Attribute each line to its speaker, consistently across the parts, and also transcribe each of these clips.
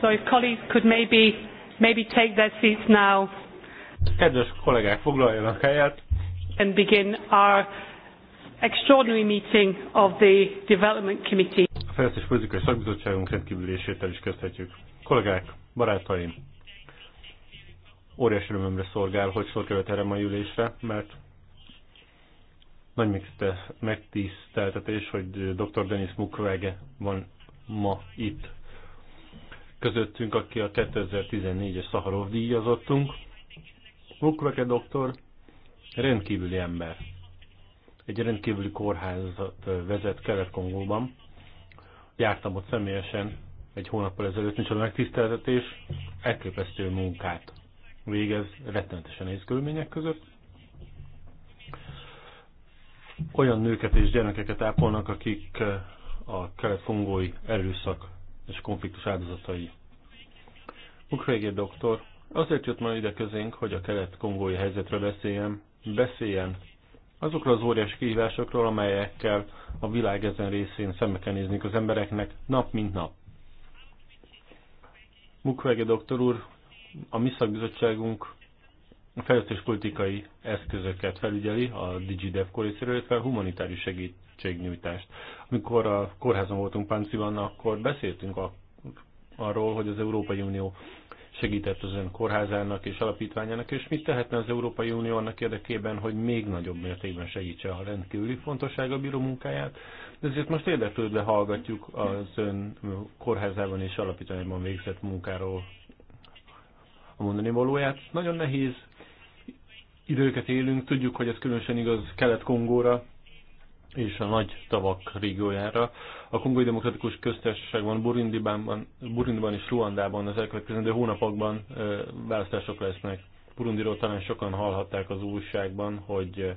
Speaker 1: So if colleagues could maybe, maybe take their seats now.
Speaker 2: Kedves kollégák, foglaljanak helyet.
Speaker 1: And begin our extraordinary meeting of the
Speaker 2: Development Committee. A Fejlesztés Politikai Szakbizottságunk rendkívülését el is kezdhetjük. Kollégák, barátaim, óriási örömömre szolgál, hogy sor került erre a mai ülésre, mert nagy megtiszteltetés, hogy dr. Denis Mukwege van ma itt közöttünk, aki a 2014-es Szaharov díjazottunk. Mukwege doktor rendkívüli ember. Egy rendkívüli kórházat vezet Kelet-Kongóban. Jártam ott személyesen egy hónappal ezelőtt, nincs a megtiszteltetés, elképesztő munkát végez rettenetesen nehéz körülmények között. Olyan nőket és gyerekeket ápolnak, akik a kelet-kongói erőszak és a konfliktus áldozatai. Ukrajgé doktor azért jött ma ide közénk, hogy a kelet-kongói helyzetről beszéljen, beszéljen azokról az óriási kihívásokról, amelyekkel a világ ezen részén szembe kell nézniük az embereknek nap mint nap. Mukwege doktor úr, a mi szakbizottságunk fejlesztéspolitikai eszközöket felügyeli, a DigiDev részéről, illetve humanitárius segít segítségnyújtást. Amikor a kórházon voltunk Pánciban, akkor beszéltünk a, arról, hogy az Európai Unió segített az ön kórházának és alapítványának, és mit tehetne az Európai Unió annak érdekében, hogy még nagyobb mértékben segítse a rendkívüli fontossága bíró munkáját. Ezért most érdeklődve hallgatjuk az ön kórházában és alapítványban végzett munkáról a mondani valóját. Nagyon nehéz időket élünk, tudjuk, hogy ez különösen igaz Kelet-Kongóra, és a nagy tavak régiójára. A Kongói Demokratikus Köztársaságban, Burundiban, Burundiban és Ruandában az elkövetkezendő hónapokban választások lesznek. Burundiról talán sokan hallhatták az újságban, hogy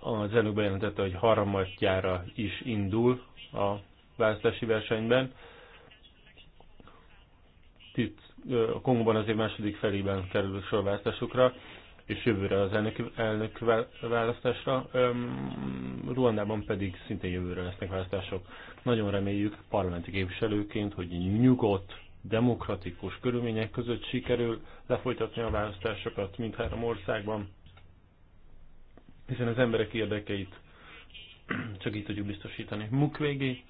Speaker 2: az elnök bejelentette, hogy harmadjára is indul a választási versenyben. Itt a Kongóban az második felében kerül sor választásukra és jövőre az elnök, elnök választásra, Ruandában pedig szintén jövőre lesznek választások. Nagyon reméljük parlamenti képviselőként, hogy nyugodt, demokratikus körülmények között sikerül lefolytatni a választásokat mindhárom országban, hiszen az emberek érdekeit csak így tudjuk biztosítani. Mukvégi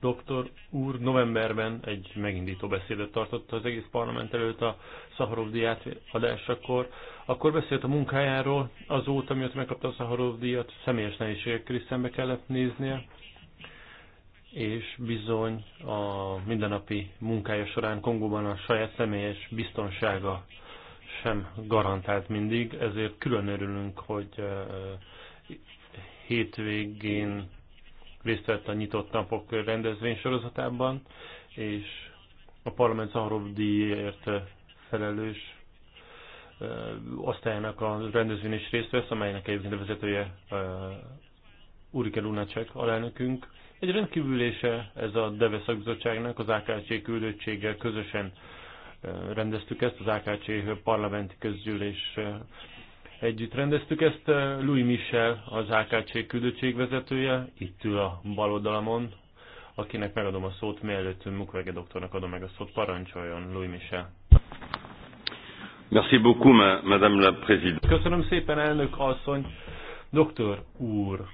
Speaker 2: doktor úr novemberben egy megindító beszédet tartott az egész parlament előtt a Szaharov díját adásakor. Akkor beszélt a munkájáról, azóta, mióta megkapta a Szaharov díjat, személyes nehézségekkel is szembe kellett néznie, és bizony a mindennapi munkája során Kongóban a saját személyes biztonsága sem garantált mindig, ezért külön örülünk, hogy eh, hétvégén vett a nyitott napok rendezvény sorozatában, és a parlament Szaharov felelős osztályának a rendezvény is részt vesz, amelynek egyébként a vezetője Urike Lunacek alelnökünk. Egy rendkívülése ez a DEVE szakbizottságnak, az AKC küldöttséggel közösen rendeztük ezt, az AKC parlamenti közgyűlés együtt rendeztük ezt. Eh, Louis Michel, az AKC küldöttségvezetője, itt ül a bal oldalamon, akinek megadom a szót, mielőtt Mukwege doktornak adom meg a szót, parancsoljon Louis Michel. Merci beaucoup, madame la présidente. Köszönöm szépen, elnök asszony. Doktor úr,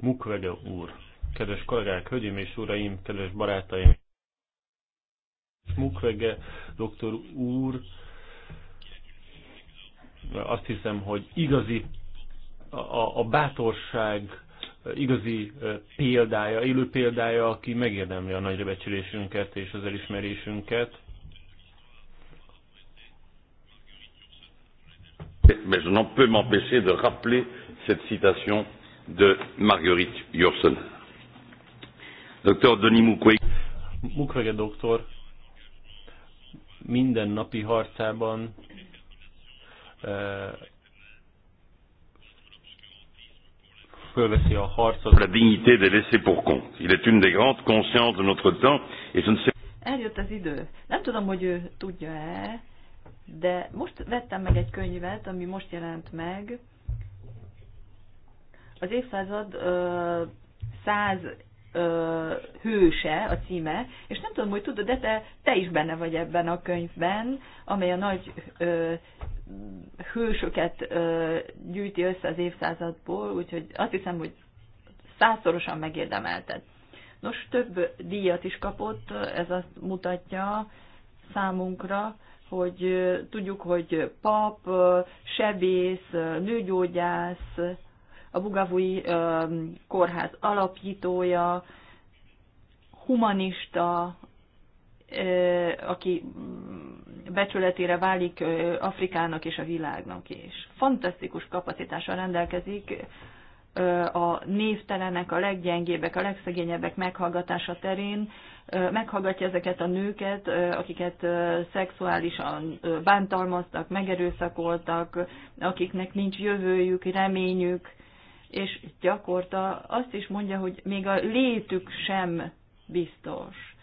Speaker 2: Mukwege úr, kedves kollégák, hölgyeim és uraim, kedves barátaim. Mukwege doktor úr, azt hiszem, hogy igazi a, a bátorság igazi példája, élő példája, aki megérdemli a nagyra becsülésünket és az elismerésünket. Mais je n'en peux m'empêcher de rappeler cette citation de Marguerite Yourcenar. Dr. Denis Mukwege. Mukwege doktor minden napi harcában fölveszi La dignité de laisser pour compte. Il est une des grandes consciences de notre temps, et je ne sais...
Speaker 1: Eljött az idő. Nem tudom, hogy ő tudja-e, de most vettem meg egy könyvet, ami most jelent meg. Az évszázad ö, száz ö, hőse a címe, és nem tudom, hogy tudod, de te, te is benne vagy ebben a könyvben, amely a nagy ö, hősöket ö, gyűjti össze az évszázadból, úgyhogy azt hiszem, hogy százszorosan megérdemelted. Nos, több díjat is kapott, ez azt mutatja számunkra, hogy tudjuk, hogy pap, sebész, nőgyógyász, a Bugavui kórház alapítója, humanista, aki mm, becsületére válik Afrikának és a világnak is. Fantasztikus kapacitással rendelkezik a névtelenek, a leggyengébbek, a legszegényebbek meghallgatása terén. Meghallgatja ezeket a nőket, akiket szexuálisan bántalmaztak, megerőszakoltak, akiknek nincs jövőjük, reményük, és gyakorta azt is mondja, hogy még a létük sem biztos.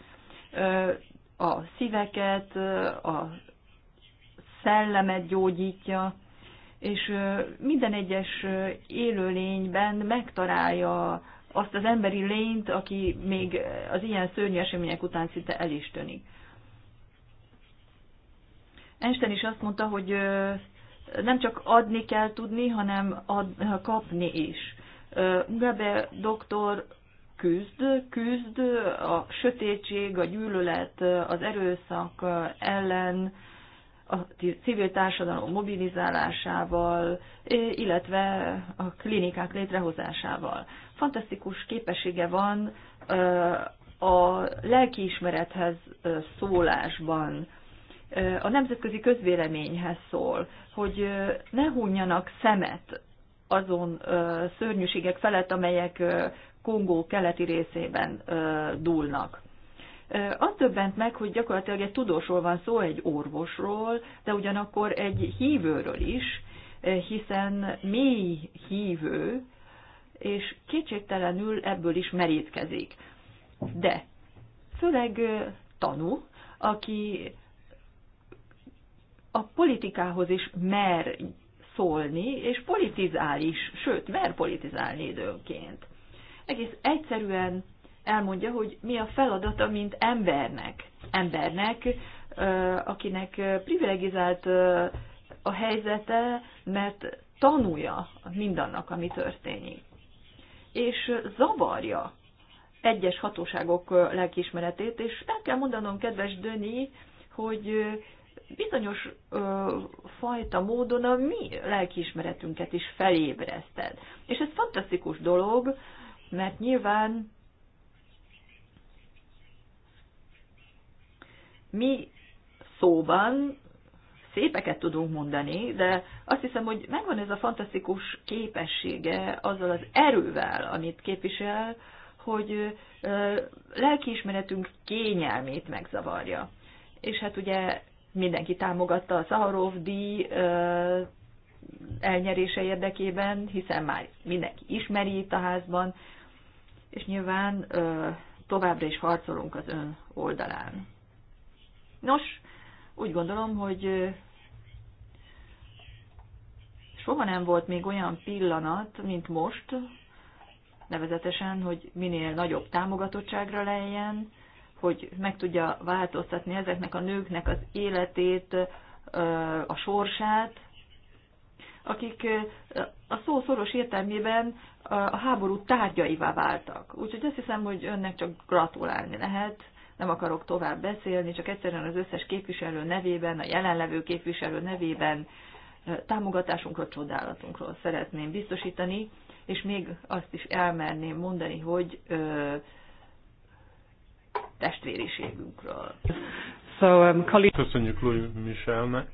Speaker 1: A szíveket, a szellemet gyógyítja, és minden egyes élőlényben megtalálja azt az emberi lényt, aki még az ilyen szörnyű események után szinte el is tönik. Einstein is azt mondta, hogy nem csak adni kell tudni, hanem ad, kapni is. Mugabe doktor küzd, küzd a sötétség, a gyűlölet, az erőszak ellen, a civil társadalom mobilizálásával, illetve a klinikák létrehozásával. Fantasztikus képessége van a lelkiismerethez szólásban, a nemzetközi közvéleményhez szól, hogy ne hunjanak szemet azon szörnyűségek felett, amelyek Kongó keleti részében dúlnak. Az többent meg, hogy gyakorlatilag egy tudósról van szó, egy orvosról, de ugyanakkor egy hívőről is, hiszen mély hívő, és kétségtelenül ebből is merítkezik. De főleg tanú, aki a politikához is mer szólni, és politizál is, sőt, mer politizálni időnként. Egész egyszerűen elmondja, hogy mi a feladata, mint embernek. Embernek, akinek privilegizált a helyzete, mert tanulja mindannak, ami történik. És zavarja egyes hatóságok lelkiismeretét, és el kell mondanom, kedves Döni, hogy bizonyos ö, fajta módon a mi lelkiismeretünket is felébreszted. És ez fantasztikus dolog, mert nyilván mi szóban szépeket tudunk mondani, de azt hiszem, hogy megvan ez a fantasztikus képessége azzal az erővel, amit képvisel, hogy lelkiismeretünk kényelmét megzavarja. És hát ugye mindenki támogatta a Szaharov díj elnyerése érdekében, hiszen már mindenki ismeri itt a házban, és nyilván továbbra is harcolunk az ön oldalán. Nos, úgy gondolom, hogy soha nem volt még olyan pillanat, mint most, nevezetesen, hogy minél nagyobb támogatottságra lejjen, hogy meg tudja változtatni ezeknek a nőknek az életét, a sorsát, akik a szó szoros értelmében a háború tárgyaivá váltak. Úgyhogy azt hiszem, hogy önnek csak gratulálni lehet, nem akarok tovább beszélni, csak egyszerűen az összes képviselő nevében, a jelenlevő képviselő nevében támogatásunkról, csodálatunkról szeretném biztosítani, és még azt is elmerném mondani, hogy testvériségünkről.
Speaker 2: So, um, Köszönjük Louis Michelnek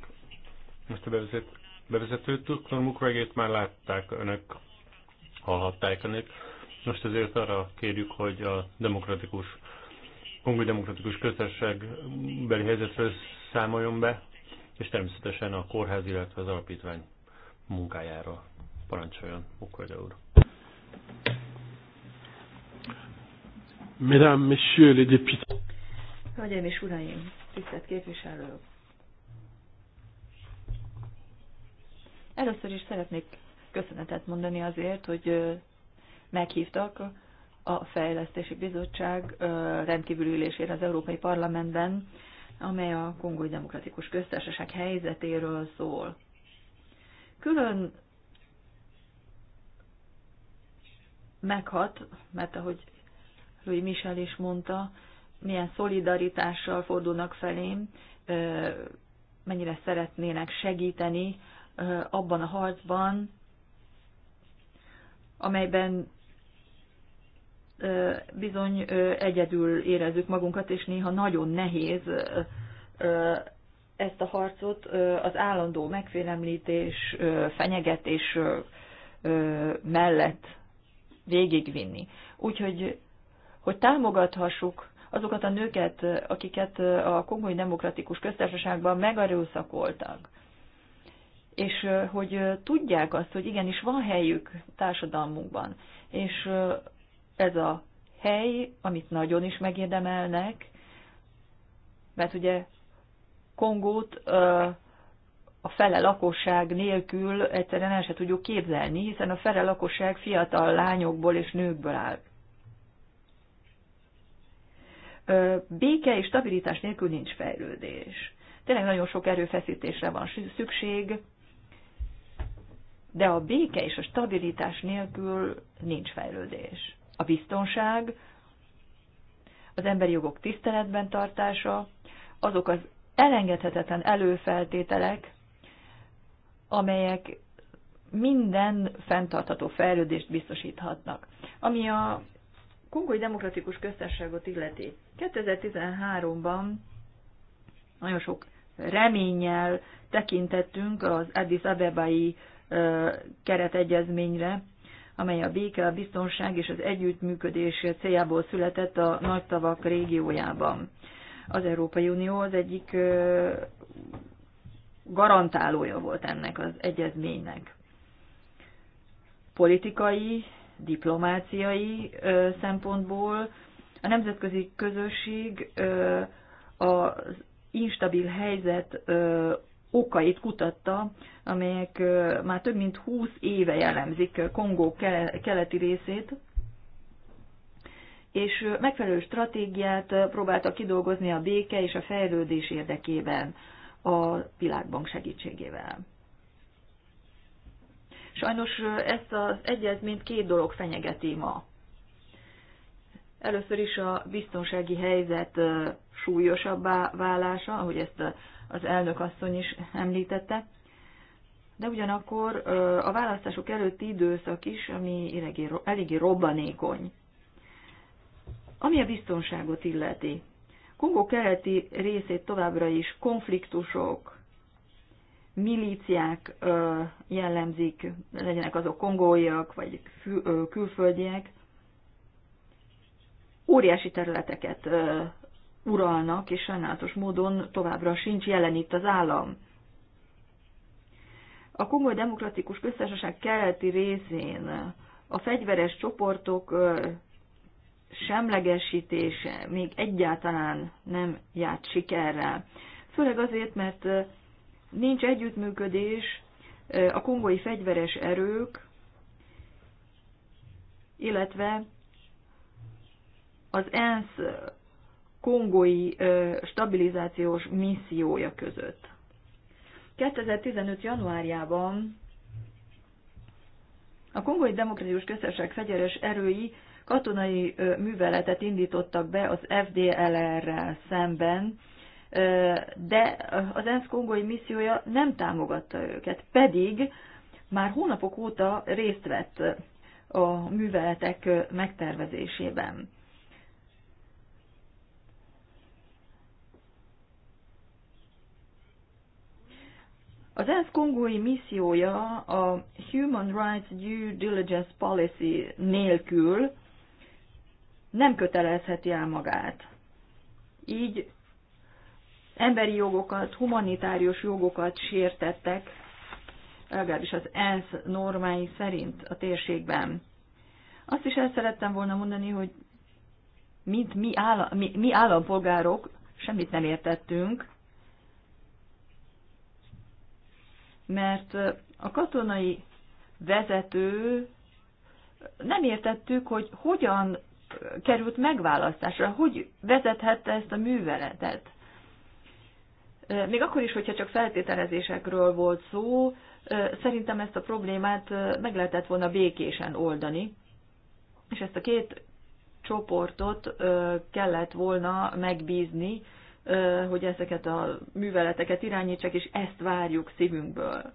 Speaker 2: ezt a bevezet, bevezetőt. Dr. Mukwegét már látták önök, hallhatták önök. Most ezért arra kérjük, hogy a demokratikus, kongói demokratikus köztársaság beli helyzetről számoljon be, és természetesen a kórház, illetve az alapítvány munkájáról parancsoljon Mukwege úr. Mesdames, Messieurs les députés.
Speaker 1: Hölgyeim és Uraim, tisztelt képviselők! Először is szeretnék köszönetet mondani azért, hogy meghívtak a Fejlesztési Bizottság rendkívül ülésére az Európai Parlamentben, amely a Kongói Demokratikus Köztársaság helyzetéről szól. Külön meghat, mert ahogy Louis Michel is mondta, milyen szolidaritással fordulnak felém, mennyire szeretnének segíteni abban a harcban, amelyben bizony egyedül érezzük magunkat, és néha nagyon nehéz ezt a harcot az állandó megfélemlítés, fenyegetés mellett végigvinni. Úgyhogy hogy támogathassuk azokat a nőket, akiket a komoly demokratikus köztársaságban megerőszakoltak. És hogy tudják azt, hogy igenis van helyük társadalmunkban. És ez a hely, amit nagyon is megérdemelnek, mert ugye Kongót a fele lakosság nélkül egyszerűen el se tudjuk képzelni, hiszen a fele lakosság fiatal lányokból és nőkből áll béke és stabilitás nélkül nincs fejlődés. Tényleg nagyon sok erőfeszítésre van szükség, de a béke és a stabilitás nélkül nincs fejlődés. A biztonság, az emberi jogok tiszteletben tartása, azok az elengedhetetlen előfeltételek, amelyek minden fenntartható fejlődést biztosíthatnak. Ami a Kongói Demokratikus köztárságot illeti, 2013-ban nagyon sok reménnyel tekintettünk az Addis Abebai keretegyezményre, amely a béke, a biztonság és az együttműködés céljából született a nagy tavak régiójában. Az Európai Unió az egyik garantálója volt ennek az egyezménynek. Politikai, diplomáciai szempontból a nemzetközi közösség az instabil helyzet okait kutatta, amelyek már több mint 20 éve jellemzik Kongó keleti részét, és megfelelő stratégiát próbáltak kidolgozni a béke és a fejlődés érdekében a világbank segítségével. Sajnos ezt az egyezményt két dolog fenyegeti ma. Először is a biztonsági helyzet súlyosabbá válása, ahogy ezt az elnök asszony is említette, de ugyanakkor a választások előtti időszak is, ami eléggé robbanékony. Ami a biztonságot illeti, Kongó keleti részét továbbra is konfliktusok, milíciák jellemzik, legyenek azok kongóiak vagy külföldiek, óriási területeket uralnak, és sajnálatos módon továbbra sincs jelen itt az állam. A Kongói Demokratikus Köztársaság keleti részén a fegyveres csoportok semlegesítése még egyáltalán nem járt sikerrel. Főleg azért, mert nincs együttműködés a kongói fegyveres erők, illetve az ENSZ kongói stabilizációs missziója között. 2015. januárjában a Kongói Demokratikus Köztársaság fegyeres erői katonai műveletet indítottak be az FDLR-rel szemben, de az ENSZ kongói missziója nem támogatta őket, pedig már hónapok óta részt vett a műveletek megtervezésében. Az ENSZ kongói missziója a Human Rights Due Diligence Policy nélkül nem kötelezheti el magát. Így emberi jogokat, humanitárius jogokat sértettek, legalábbis az ENSZ normái szerint a térségben. Azt is el szerettem volna mondani, hogy mint mi, állam, mi, mi állampolgárok semmit nem értettünk, mert a katonai vezető nem értettük, hogy hogyan került megválasztásra, hogy vezethette ezt a műveletet. Még akkor is, hogyha csak feltételezésekről volt szó, szerintem ezt a problémát meg lehetett volna békésen oldani, és ezt a két csoportot kellett volna megbízni hogy ezeket a műveleteket irányítsak, és ezt várjuk szívünkből.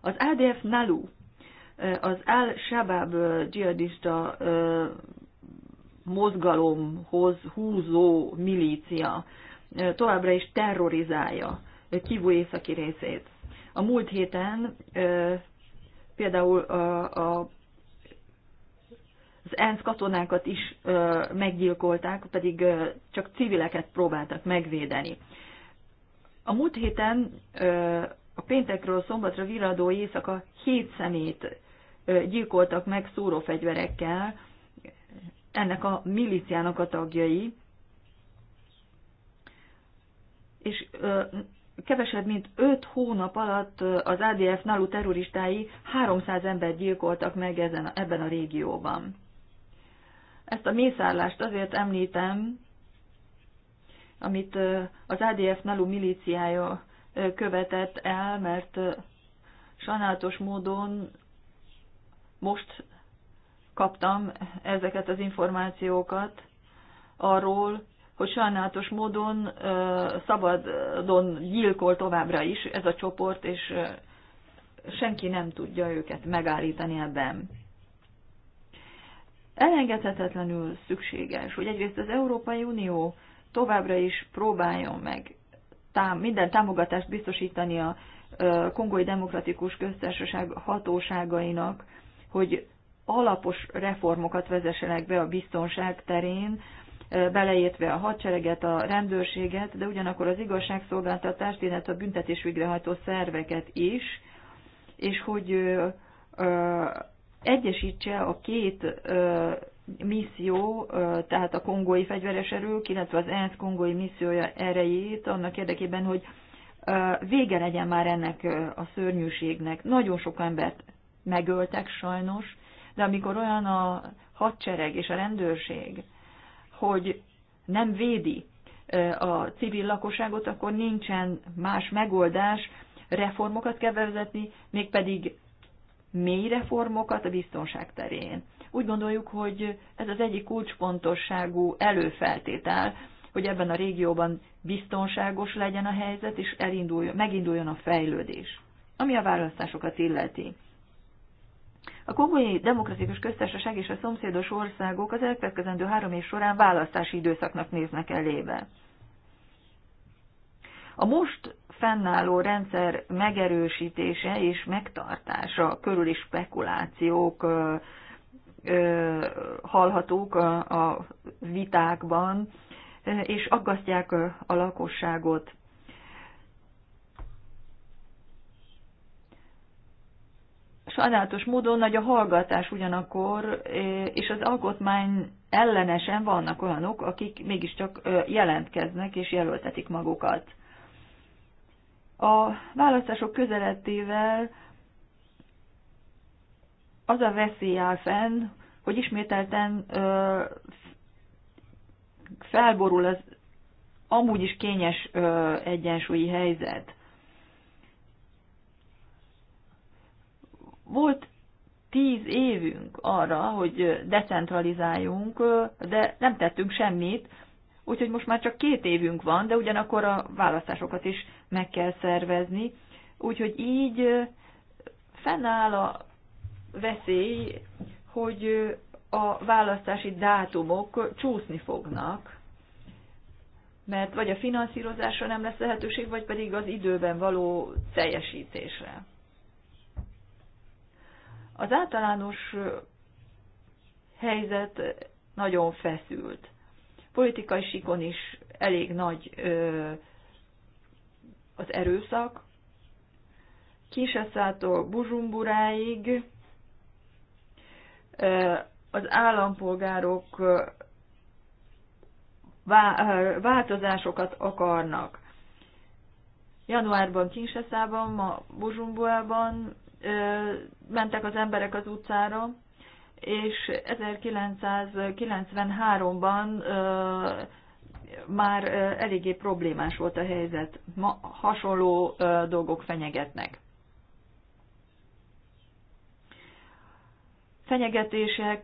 Speaker 1: Az ADF Nalu, az Al-Shabaab dzsihadista mozgalomhoz húzó milícia továbbra is terrorizálja Kivu északi részét. A múlt héten például a, a ENSZ katonákat is ö, meggyilkolták, pedig ö, csak civileket próbáltak megvédeni. A múlt héten ö, a péntekről szombatra viradó éjszaka hét szemét ö, gyilkoltak meg szúrófegyverekkel, ennek a miliciának a tagjai, és ö, kevesebb mint öt hónap alatt az ADF nalú terroristái 300 embert gyilkoltak meg ezen, ebben a régióban. Ezt a mészárlást azért említem, amit az ADF NALU milíciája követett el, mert sajnálatos módon most kaptam ezeket az információkat arról, hogy sajnálatos módon szabadon gyilkol továbbra is ez a csoport, és senki nem tudja őket megállítani ebben elengedhetetlenül szükséges, hogy egyrészt az Európai Unió továbbra is próbáljon meg tám, minden támogatást biztosítani a Kongói Demokratikus Köztársaság hatóságainak, hogy alapos reformokat vezessenek be a biztonság terén, beleértve a hadsereget, a rendőrséget, de ugyanakkor az igazságszolgáltatást, illetve a büntetés végrehajtó szerveket is, és hogy egyesítse a két ö, misszió, ö, tehát a kongói fegyveres erők, illetve az ENSZ kongói missziója erejét annak érdekében, hogy ö, vége legyen már ennek ö, a szörnyűségnek. Nagyon sok embert megöltek sajnos, de amikor olyan a hadsereg és a rendőrség, hogy nem védi a civil lakosságot, akkor nincsen más megoldás, reformokat kell bevezetni, mégpedig mély reformokat a biztonság terén. Úgy gondoljuk, hogy ez az egyik kulcsfontosságú előfeltétel, hogy ebben a régióban biztonságos legyen a helyzet, és elinduljon, meginduljon a fejlődés. Ami a választásokat illeti. A kongói demokratikus köztársaság és a szomszédos országok az elkövetkezendő három év során választási időszaknak néznek elébe. A most fennálló rendszer megerősítése és megtartása körül is spekulációk hallhatók a vitákban, és aggasztják a lakosságot. Sajnálatos módon nagy a hallgatás ugyanakkor, és az alkotmány ellenesen vannak olyanok, akik mégiscsak jelentkeznek és jelöltetik magukat. A választások közeletével az a veszély áll fenn, hogy ismételten ö, felborul az amúgy is kényes ö, egyensúlyi helyzet. Volt tíz évünk arra, hogy decentralizáljunk, de nem tettünk semmit, úgyhogy most már csak két évünk van, de ugyanakkor a választásokat is meg kell szervezni. Úgyhogy így fennáll a veszély, hogy a választási dátumok csúszni fognak, mert vagy a finanszírozásra nem lesz lehetőség, vagy pedig az időben való teljesítésre. Az általános helyzet nagyon feszült. Politikai sikon is elég nagy ö, az erőszak, Kiseszától Buzsumburáig, az állampolgárok változásokat akarnak. Januárban Kinseszában, ma Buzsumbuában mentek az emberek az utcára, és 1993-ban már eléggé problémás volt a helyzet. Ma hasonló dolgok fenyegetnek. Fenyegetések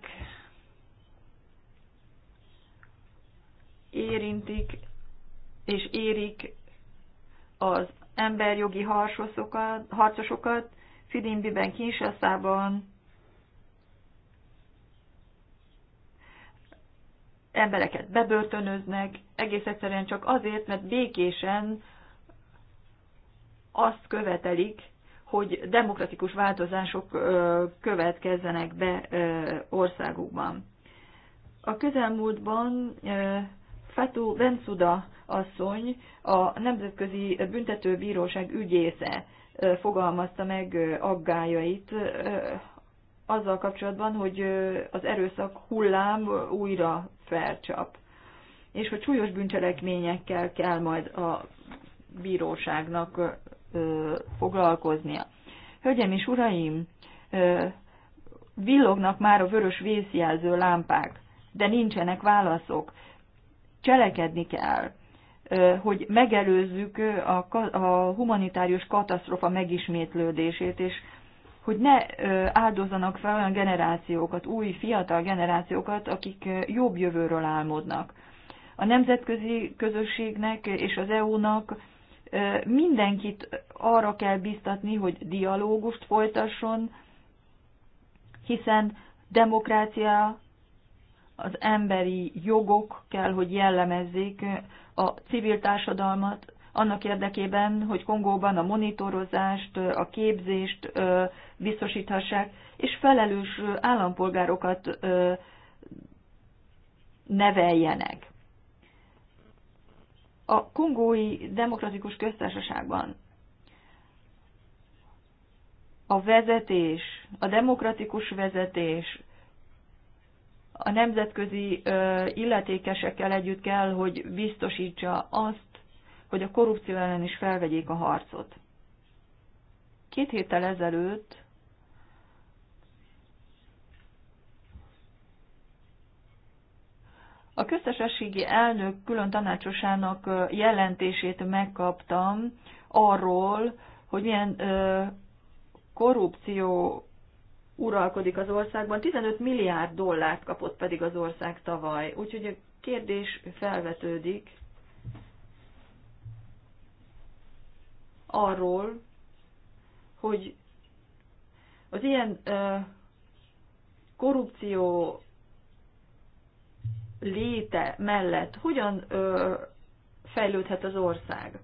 Speaker 1: érintik és érik az emberjogi harcosokat, harcosokat Fidimbiben, Kinsaszában, embereket bebörtönöznek, egész egyszerűen csak azért, mert békésen azt követelik, hogy demokratikus változások következzenek be országukban. A közelmúltban Fatou Bensouda asszony, a Nemzetközi Büntetőbíróság ügyésze fogalmazta meg aggájait azzal kapcsolatban, hogy az erőszak hullám újra felcsap. És hogy súlyos bűncselekményekkel kell majd a bíróságnak ö, foglalkoznia. Hölgyeim és uraim, ö, villognak már a vörös vészjelző lámpák, de nincsenek válaszok. Cselekedni kell, ö, hogy megelőzzük a, a humanitárius katasztrofa megismétlődését, és hogy ne áldozzanak fel olyan generációkat, új fiatal generációkat, akik jobb jövőről álmodnak. A nemzetközi közösségnek és az EU-nak mindenkit arra kell biztatni, hogy dialógust folytasson, hiszen demokrácia, az emberi jogok kell, hogy jellemezzék a civil társadalmat, annak érdekében, hogy Kongóban a monitorozást, a képzést biztosíthassák, és felelős állampolgárokat neveljenek. A kongói demokratikus köztársaságban a vezetés, a demokratikus vezetés, a nemzetközi illetékesekkel együtt kell, hogy biztosítsa azt, hogy a korrupció ellen is felvegyék a harcot. Két héttel ezelőtt A köztesességi elnök külön tanácsosának jelentését megkaptam arról, hogy milyen ö, korrupció uralkodik az országban. 15 milliárd dollárt kapott pedig az ország tavaly. Úgyhogy a kérdés felvetődik, arról, hogy az ilyen korrupció léte mellett hogyan fejlődhet az ország.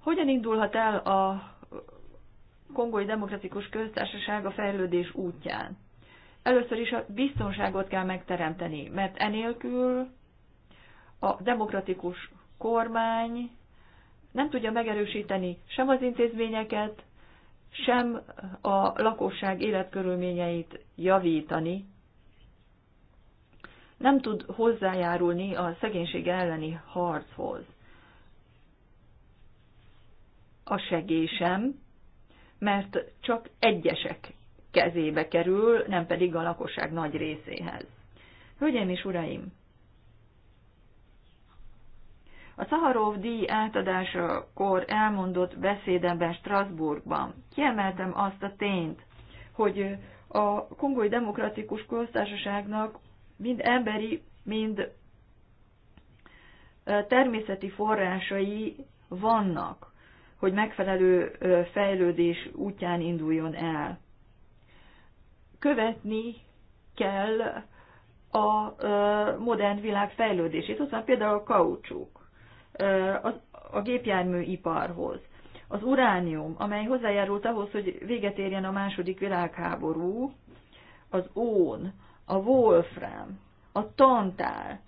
Speaker 1: Hogyan indulhat el a Kongói Demokratikus Köztársaság a fejlődés útján? Először is a biztonságot kell megteremteni, mert enélkül a demokratikus kormány nem tudja megerősíteni sem az intézményeket, sem a lakosság életkörülményeit javítani, nem tud hozzájárulni a szegénység elleni harchoz. A segésem, mert csak egyesek kezébe kerül, nem pedig a lakosság nagy részéhez. Hölgyeim és uraim, a Szaharov díj átadásakor elmondott beszédemben Strasbourgban kiemeltem azt a tényt, hogy a Kongói Demokratikus Köztársaságnak mind emberi, mind természeti forrásai vannak, hogy megfelelő fejlődés útján induljon el. Követni kell a modern világ fejlődését. Ott van például a kaucsuk a gépjárműiparhoz. Az uránium, amely hozzájárult ahhoz, hogy véget érjen a második világháború, az ón, a wolfram, a tantál,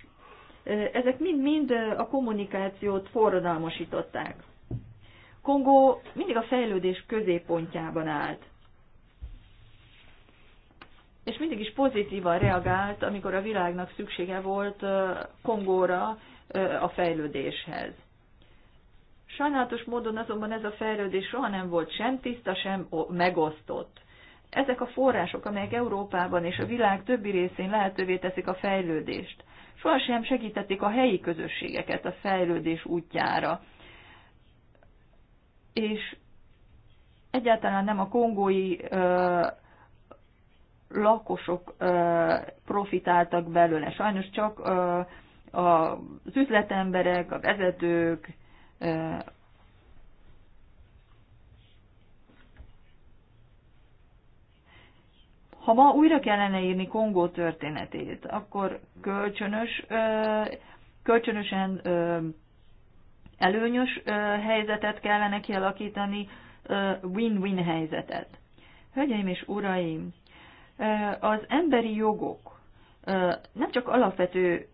Speaker 1: ezek mind-mind a kommunikációt forradalmasították. Kongó mindig a fejlődés középpontjában állt. És mindig is pozitívan reagált, amikor a világnak szüksége volt Kongóra a fejlődéshez. Sajnálatos módon azonban ez a fejlődés soha nem volt sem tiszta, sem megosztott. Ezek a források, amelyek Európában és a világ többi részén lehetővé teszik a fejlődést, sohasem segítették a helyi közösségeket a fejlődés útjára. És egyáltalán nem a kongói ö, lakosok ö, profitáltak belőle, sajnos csak ö, az üzletemberek, a vezetők, ha ma újra kellene írni Kongó történetét, akkor kölcsönös, kölcsönösen előnyös helyzetet kellene kialakítani, win-win helyzetet. Hölgyeim és uraim, az emberi jogok nem csak alapvető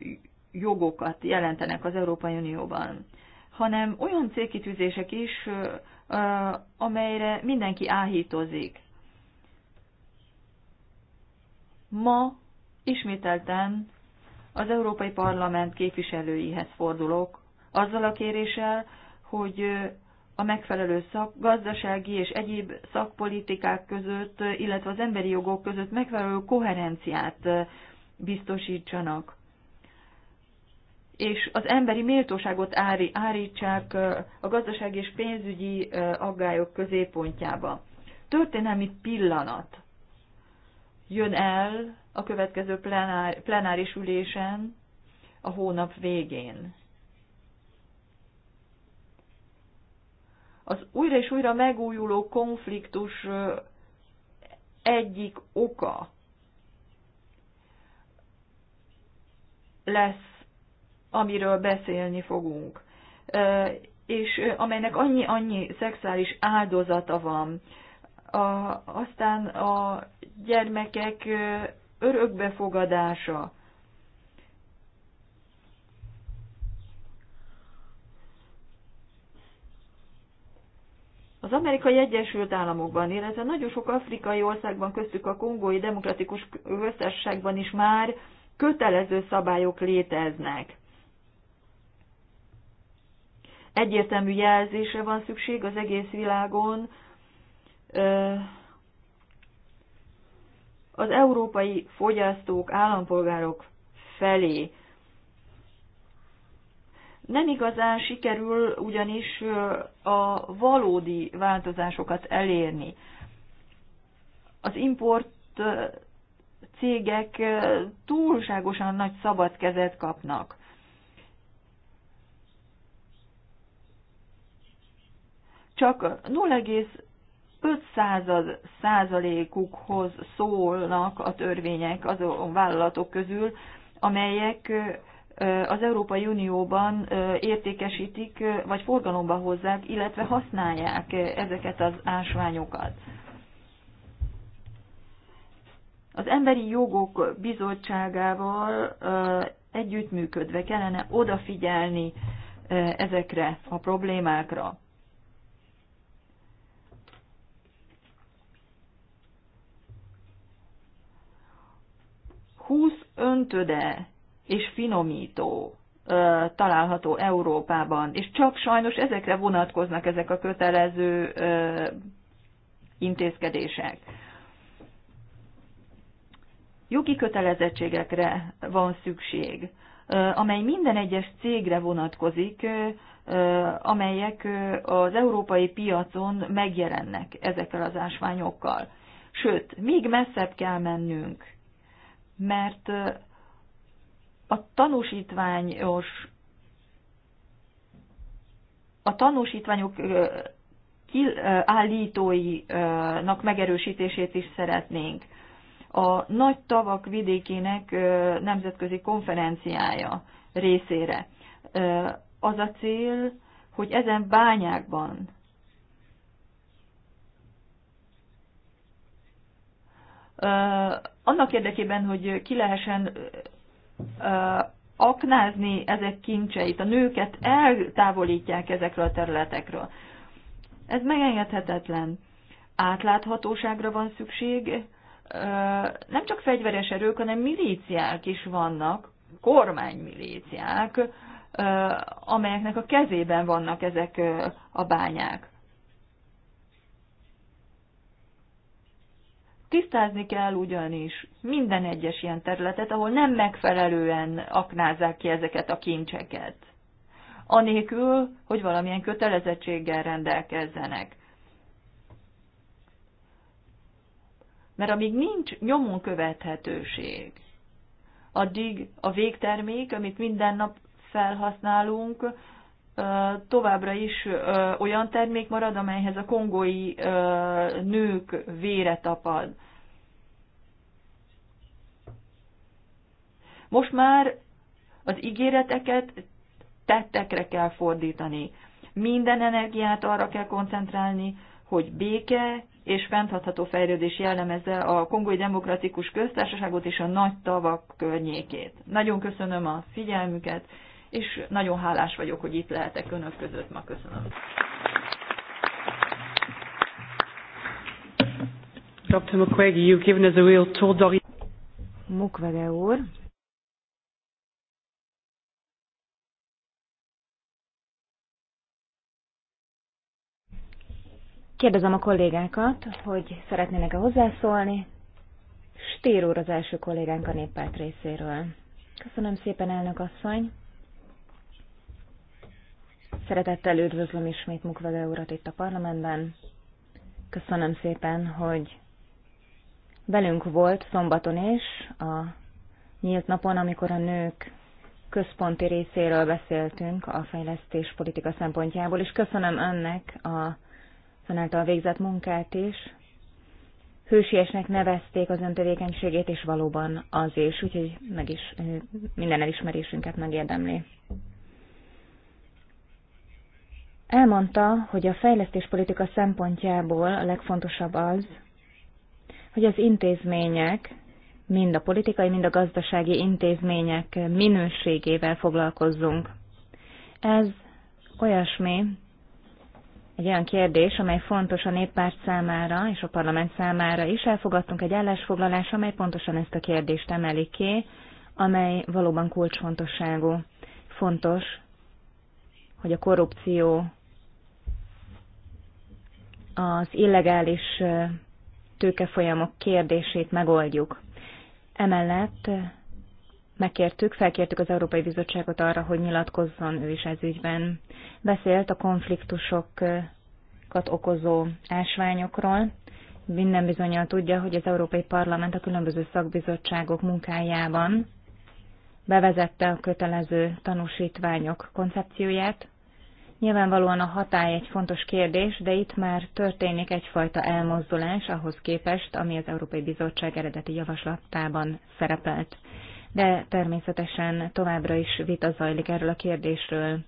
Speaker 1: jogokat jelentenek az Európai Unióban, hanem olyan célkitűzések is, amelyre mindenki áhítozik. Ma ismételten az Európai Parlament képviselőihez fordulok, azzal a kéréssel, hogy a megfelelő szak, gazdasági és egyéb szakpolitikák között, illetve az emberi jogok között megfelelő koherenciát biztosítsanak és az emberi méltóságot ári, árítsák a gazdaság és pénzügyi aggályok középpontjába. Történelmi pillanat jön el a következő plenár, plenáris ülésen a hónap végén. Az újra és újra megújuló konfliktus egyik oka lesz amiről beszélni fogunk, és amelynek annyi-annyi szexuális áldozata van. A, aztán a gyermekek örökbefogadása. Az amerikai Egyesült Államokban, illetve nagyon sok afrikai országban, köztük a kongói demokratikus köztársaságban is már kötelező szabályok léteznek egyértelmű jelzésre van szükség az egész világon. Az európai fogyasztók, állampolgárok felé nem igazán sikerül ugyanis a valódi változásokat elérni. Az import cégek túlságosan nagy szabad kezet kapnak. csak 0,5 százalékukhoz szólnak a törvények azon vállalatok közül, amelyek az Európai Unióban értékesítik, vagy forgalomba hozzák, illetve használják ezeket az ásványokat. Az Emberi Jogok Bizottságával együttműködve kellene odafigyelni ezekre a problémákra. 20 öntöde és finomító ö, található Európában, és csak sajnos ezekre vonatkoznak ezek a kötelező ö, intézkedések. Jogi kötelezettségekre van szükség, ö, amely minden egyes cégre vonatkozik, ö, amelyek az európai piacon megjelennek ezekkel az ásványokkal. Sőt, még messzebb kell mennünk mert a tanúsítványos a tanúsítványok állítóinak megerősítését is szeretnénk. A nagy tavak vidékének nemzetközi konferenciája részére. Az a cél, hogy ezen bányákban annak érdekében, hogy ki lehessen aknázni ezek kincseit, a nőket eltávolítják ezekről a területekről. Ez megengedhetetlen. Átláthatóságra van szükség, nem csak fegyveres erők, hanem milíciák is vannak, kormánymilíciák, amelyeknek a kezében vannak ezek a bányák. Tisztázni kell ugyanis minden egyes ilyen területet, ahol nem megfelelően aknázzák ki ezeket a kincseket, anélkül, hogy valamilyen kötelezettséggel rendelkezzenek. Mert amíg nincs nyomon követhetőség, addig a végtermék, amit minden nap felhasználunk, továbbra is olyan termék marad, amelyhez a kongói nők vére tapad. Most már az ígéreteket tettekre kell fordítani. Minden energiát arra kell koncentrálni, hogy béke és fenntartható fejlődés jellemezze a Kongói Demokratikus Köztársaságot és a nagy tavak környékét. Nagyon köszönöm a figyelmüket és nagyon hálás vagyok, hogy itt lehetek önök között ma. Köszönöm. Dr. McQuaggy, you've given us a real tour Mukwege úr,
Speaker 3: Kérdezem a kollégákat, hogy szeretnének-e hozzászólni. Stér úr az első kollégánk a néppárt részéről. Köszönöm szépen, elnök asszony! Szeretettel üdvözlöm ismét Mukvege urat itt a parlamentben. Köszönöm szépen, hogy velünk volt szombaton is, a nyílt napon, amikor a nők központi részéről beszéltünk a fejlesztés politika szempontjából, és köszönöm önnek a önáltal végzett munkát is. Hősiesnek nevezték az öntevékenységét, és valóban az is, úgyhogy meg is minden elismerésünket megérdemli. Elmondta, hogy a fejlesztéspolitika szempontjából a legfontosabb az, hogy az intézmények, mind a politikai, mind a gazdasági intézmények minőségével foglalkozzunk. Ez olyasmi, egy olyan kérdés, amely fontos a néppárt számára és a parlament számára is. Elfogadtunk egy állásfoglalás, amely pontosan ezt a kérdést emeli ki, amely valóban kulcsfontosságú. Fontos, hogy a korrupció az illegális tőkefolyamok kérdését megoldjuk. Emellett megkértük, felkértük az Európai Bizottságot arra, hogy nyilatkozzon ő is ez ügyben. Beszélt a konfliktusokat okozó ásványokról. Minden bizonyal tudja, hogy az Európai Parlament a különböző szakbizottságok munkájában bevezette a kötelező tanúsítványok koncepcióját, Nyilvánvalóan a hatály egy fontos kérdés, de itt már történik egyfajta elmozdulás ahhoz képest, ami az Európai Bizottság eredeti javaslatában szerepelt. De természetesen továbbra is vita zajlik erről a kérdésről.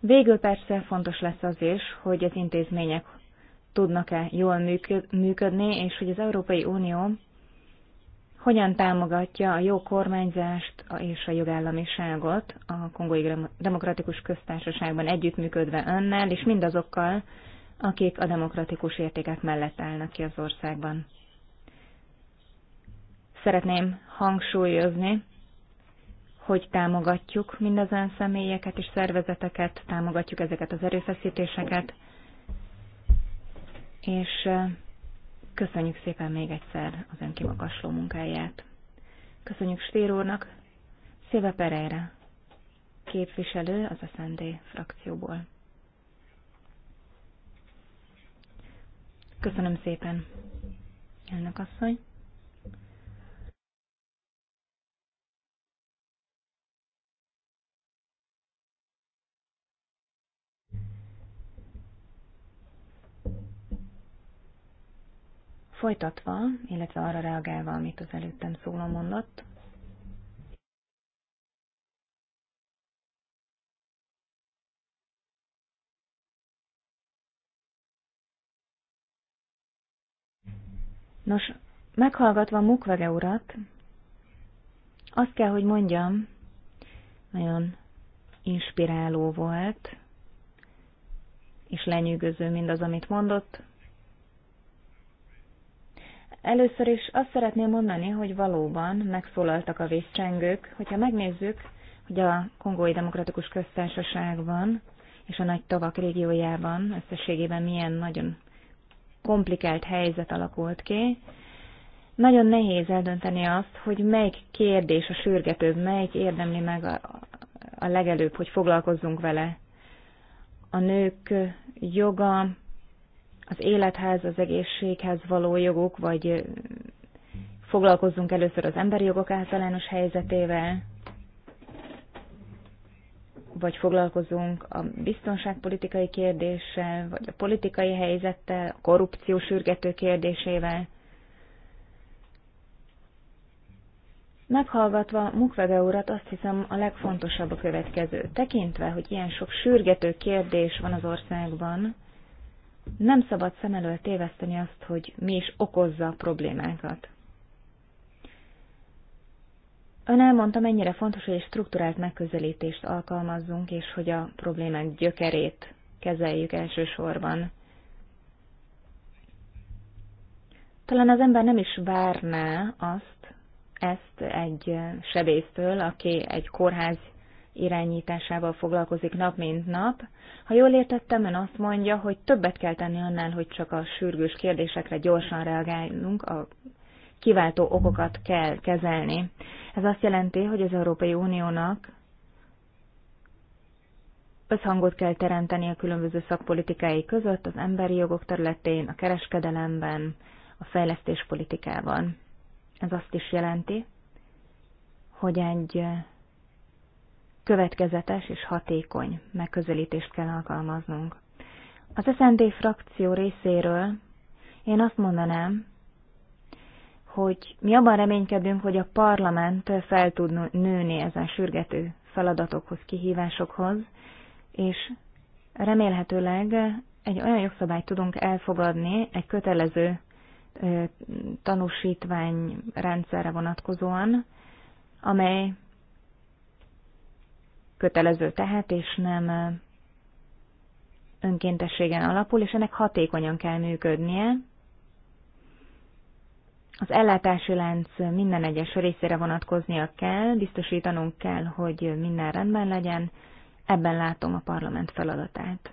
Speaker 3: Végül persze fontos lesz az is, hogy az intézmények tudnak-e jól működni, és hogy az Európai Unió hogyan támogatja a jó kormányzást és a jogállamiságot a Kongói Demokratikus Köztársaságban együttműködve önnel, és mindazokkal, akik a demokratikus értékek mellett állnak ki az országban. Szeretném hangsúlyozni, hogy támogatjuk mindezen személyeket és szervezeteket, támogatjuk ezeket az erőfeszítéseket, és Köszönjük szépen még egyszer az önkimagasló munkáját. Köszönjük Stérónak, úrnak. Széve Pereira, képviselő az SND frakcióból. Köszönöm szépen, elnök asszony. Folytatva, illetve arra reagálva, amit az előttem szóló mondott, Nos, meghallgatva Mukwege urat, azt kell, hogy mondjam, nagyon inspiráló volt, és lenyűgöző mindaz, amit mondott, Először is azt szeretném mondani, hogy valóban megszólaltak a vészcsengők. Hogyha megnézzük, hogy a Kongói Demokratikus Köztársaságban és a nagy tavak régiójában összességében milyen nagyon komplikált helyzet alakult ki, nagyon nehéz eldönteni azt, hogy melyik kérdés a sürgetőbb, melyik érdemli meg a, a legelőbb, hogy foglalkozzunk vele. A nők joga, az élethez, az egészséghez való jogok, vagy foglalkozzunk először az emberi jogok általános helyzetével, vagy foglalkozunk a biztonságpolitikai kérdéssel, vagy a politikai helyzettel, a korrupció sürgető kérdésével. Meghallgatva Mukwege urat azt hiszem a legfontosabb a következő. Tekintve, hogy ilyen sok sürgető kérdés van az országban, nem szabad szem elől téveszteni azt, hogy mi is okozza a problémákat. Ön elmondta, mennyire fontos, hogy egy strukturált megközelítést alkalmazzunk, és hogy a problémák gyökerét kezeljük elsősorban. Talán az ember nem is várná azt, ezt egy sebésztől, aki egy kórház irányításával foglalkozik nap mint nap. Ha jól értettem, ön azt mondja, hogy többet kell tenni annál, hogy csak a sürgős kérdésekre gyorsan reagálnunk, a kiváltó okokat kell kezelni. Ez azt jelenti, hogy az Európai Uniónak összhangot kell teremteni a különböző szakpolitikái között, az emberi jogok területén, a kereskedelemben, a fejlesztéspolitikában. Ez azt is jelenti, hogy egy következetes és hatékony megközelítést kell alkalmaznunk. Az SND frakció részéről én azt mondanám, hogy mi abban reménykedünk, hogy a parlament fel tud nőni ezen sürgető feladatokhoz, kihívásokhoz, és remélhetőleg egy olyan jogszabályt tudunk elfogadni, egy kötelező tanúsítvány rendszerre vonatkozóan, amely kötelező tehát, és nem önkéntességen alapul, és ennek hatékonyan kell működnie. Az ellátási lánc minden egyes részére vonatkoznia kell, biztosítanunk kell, hogy minden rendben legyen, ebben látom a parlament feladatát.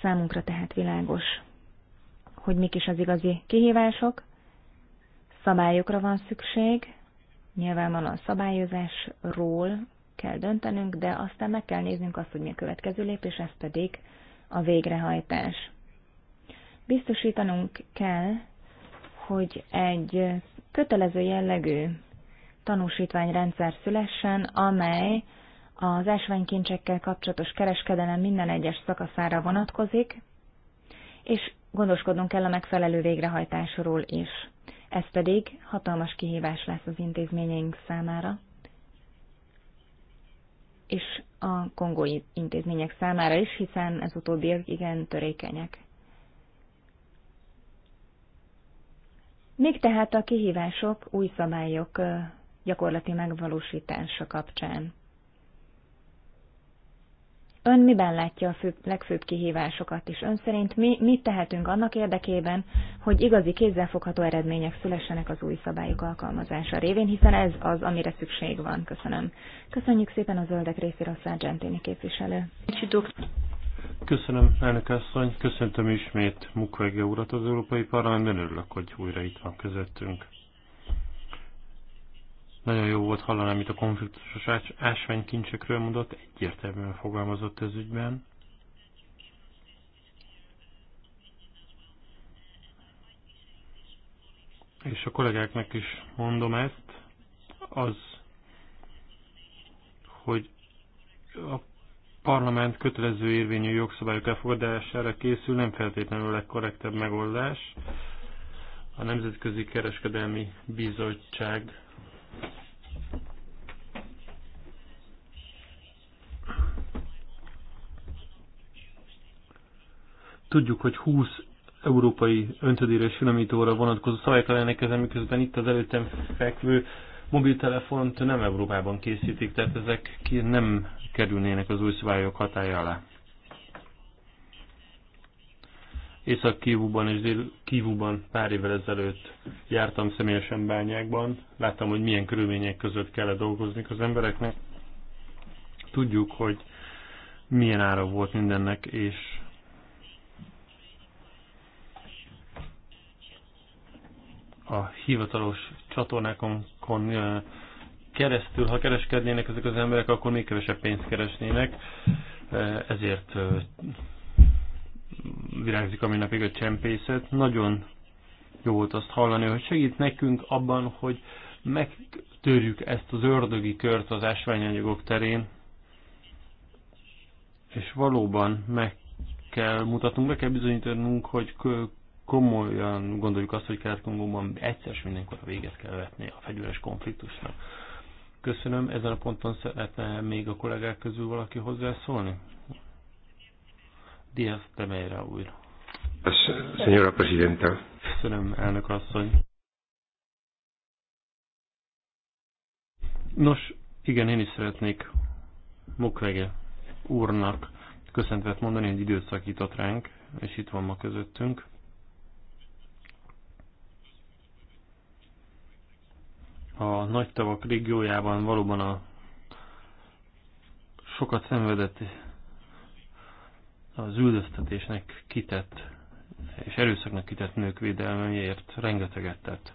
Speaker 3: Számunkra tehát világos, hogy mik is az igazi kihívások, szabályokra van szükség, Nyilvánvalóan szabályozásról kell döntenünk, de aztán meg kell néznünk azt, hogy mi a következő lépés, ez pedig a végrehajtás. Biztosítanunk kell, hogy egy kötelező jellegű tanúsítványrendszer szülessen, amely az ásványkincsekkel kapcsolatos kereskedelem minden egyes szakaszára vonatkozik, és gondoskodnunk kell a megfelelő végrehajtásról is. Ez pedig hatalmas kihívás lesz az intézményeink számára, és a kongói intézmények számára is, hiszen ez utóbbiak igen törékenyek. Még tehát a kihívások új szabályok gyakorlati megvalósítása kapcsán. Ön miben látja a fő, legfőbb kihívásokat is? Ön szerint mi mit tehetünk annak érdekében, hogy igazi kézzelfogható eredmények szülessenek az új szabályok alkalmazása révén, hiszen ez az, amire szükség van. Köszönöm. Köszönjük szépen a zöldek részére a Sargentini képviselő.
Speaker 2: Köszönöm, elnök asszony. Köszöntöm ismét Mukwege urat az Európai Parlamentben. Örülök, hogy újra itt van közöttünk. Nagyon jó volt hallani, amit a konfliktusos ásványkincsekről mondott, egyértelműen fogalmazott ez ügyben. És a kollégáknak is mondom ezt, az, hogy a parlament kötelező érvényű jogszabályok elfogadására készül, nem feltétlenül a legkorrektebb megoldás. A Nemzetközi Kereskedelmi Bizottság Tudjuk, hogy 20 európai és finomítóra vonatkozó szabályok ezen, miközben itt az előttem fekvő mobiltelefont nem Európában készítik, tehát ezek ki nem kerülnének az új szabályok hatája alá. Észak-Kívúban és Dél-Kívúban pár évvel ezelőtt jártam személyesen bányákban, láttam, hogy milyen körülmények között -e dolgozni az embereknek. Tudjuk, hogy milyen ára volt mindennek, és a hivatalos csatornákon keresztül, ha kereskednének ezek az emberek, akkor még kevesebb pénzt keresnének, ezért virágzik a napig a csempészet. Nagyon jó volt azt hallani, hogy segít nekünk abban, hogy megtörjük ezt az ördögi kört az ásványanyagok terén, és valóban meg kell mutatnunk, be kell bizonyítanunk, hogy komolyan gondoljuk azt, hogy Kelet-Kongóban egyszer mindenkor a véget kell vetni a fegyveres konfliktusnak. Köszönöm, ezen a ponton szeretne még a kollégák közül valaki hozzászólni? Díaz Temeira úr. Señora Presidenta. Köszönöm, elnök asszony. Nos, igen, én is szeretnék Mukwege úrnak köszöntvet mondani, hogy időt szakított ránk, és itt van ma közöttünk. A nagy tavak régiójában valóban a sokat szenvedett az üldöztetésnek kitett és erőszaknak kitett nők védelmeért rengeteget tett.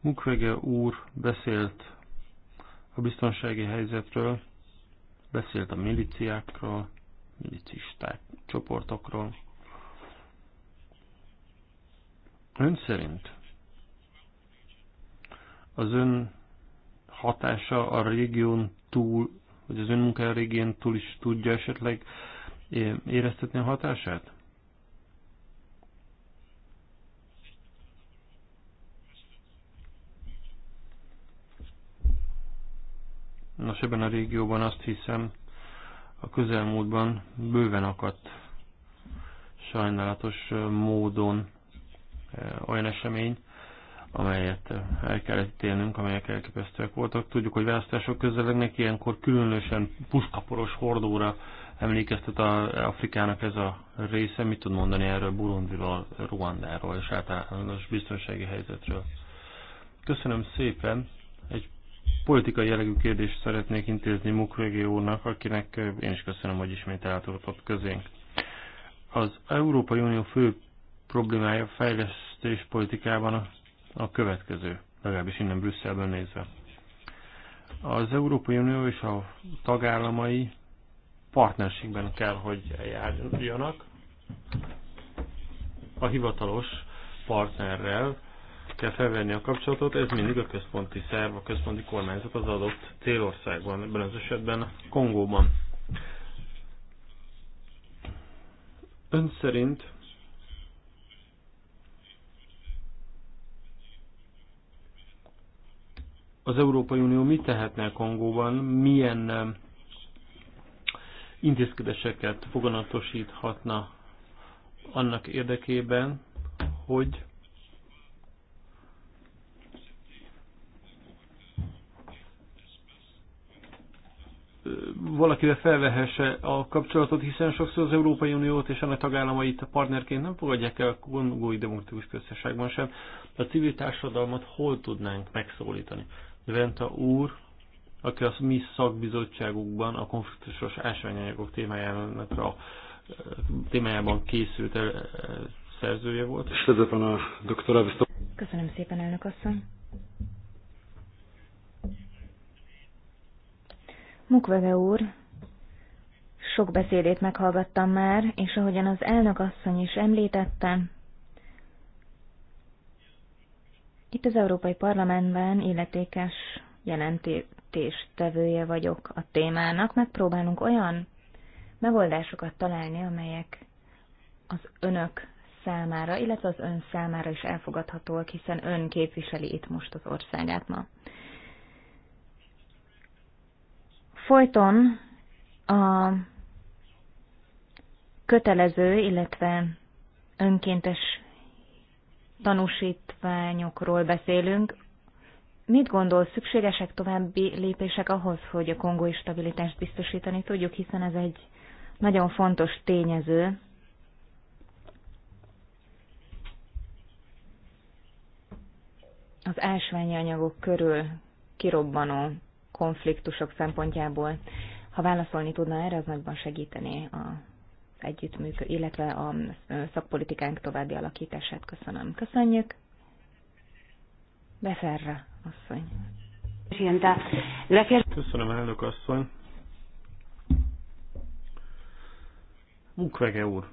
Speaker 2: Mukwege úr beszélt a biztonsági helyzetről, beszélt a miliciákról, milicisták csoportokról. Ön szerint az ön hatása a régión túl, vagy az ön munkája a régión túl is tudja esetleg uh, éreztetni a hatását? Nos, ebben a régióban azt hiszem, a közelmúltban bőven akadt sajnálatos módon olyan esemény, amelyet el kellett ítélnünk, amelyek elképesztőek voltak. Tudjuk, hogy választások közelegnek, ilyenkor különösen puskaporos hordóra emlékeztet a Afrikának ez a része. Mit tud mondani erről Burundiról, Ruandáról és általános biztonsági helyzetről? Köszönöm szépen. Egy politikai jellegű kérdést szeretnék intézni Mukwege úrnak, akinek én is köszönöm, hogy ismét ellátogatott közénk. Az Európai Unió fő problémája a fejlesztés politikában a, a következő, legalábbis innen Brüsszelből nézve. Az Európai Unió és a tagállamai partnerségben kell, hogy járjanak. A hivatalos partnerrel kell felvenni a kapcsolatot, ez mindig a központi szerv, a központi kormányzat az adott célországban, ebben az esetben Kongóban. Ön szerint az Európai Unió mit tehetne Kongóban, milyen intézkedéseket foganatosíthatna annak érdekében, hogy valakivel felvehesse a kapcsolatot, hiszen sokszor az Európai Uniót és ennek tagállamait a partnerként nem fogadják el a kongói demokratikus közösségben sem. A civil társadalmat hol tudnánk megszólítani? Venta úr aki a mi szakbizottságukban a konfliktusos ásványanyagok témájának a e, témájában készült el, szerzője volt. van a doktora
Speaker 3: Köszönöm szépen, elnök asszony. Mukwege úr, sok beszédét meghallgattam már, és ahogyan az elnök asszony is említette, itt az Európai Parlamentben illetékes jelentéstevője vagyok a témának, megpróbálunk olyan megoldásokat találni, amelyek az önök számára, illetve az ön számára is elfogadhatóak, hiszen ön képviseli itt most az országát ma. Folyton a kötelező, illetve önkéntes tanúsítványokról beszélünk, Mit gondol, szükségesek további lépések ahhoz, hogy a kongói stabilitást biztosítani tudjuk, hiszen ez egy nagyon fontos tényező. Az ásványi anyagok körül kirobbanó konfliktusok szempontjából. Ha válaszolni tudna erre, az nagyban segítené a együttműködés, illetve a szakpolitikánk további alakítását. Köszönöm. Köszönjük. Beferra asszony.
Speaker 2: Köszönöm, elnök asszony. Mukwege úr.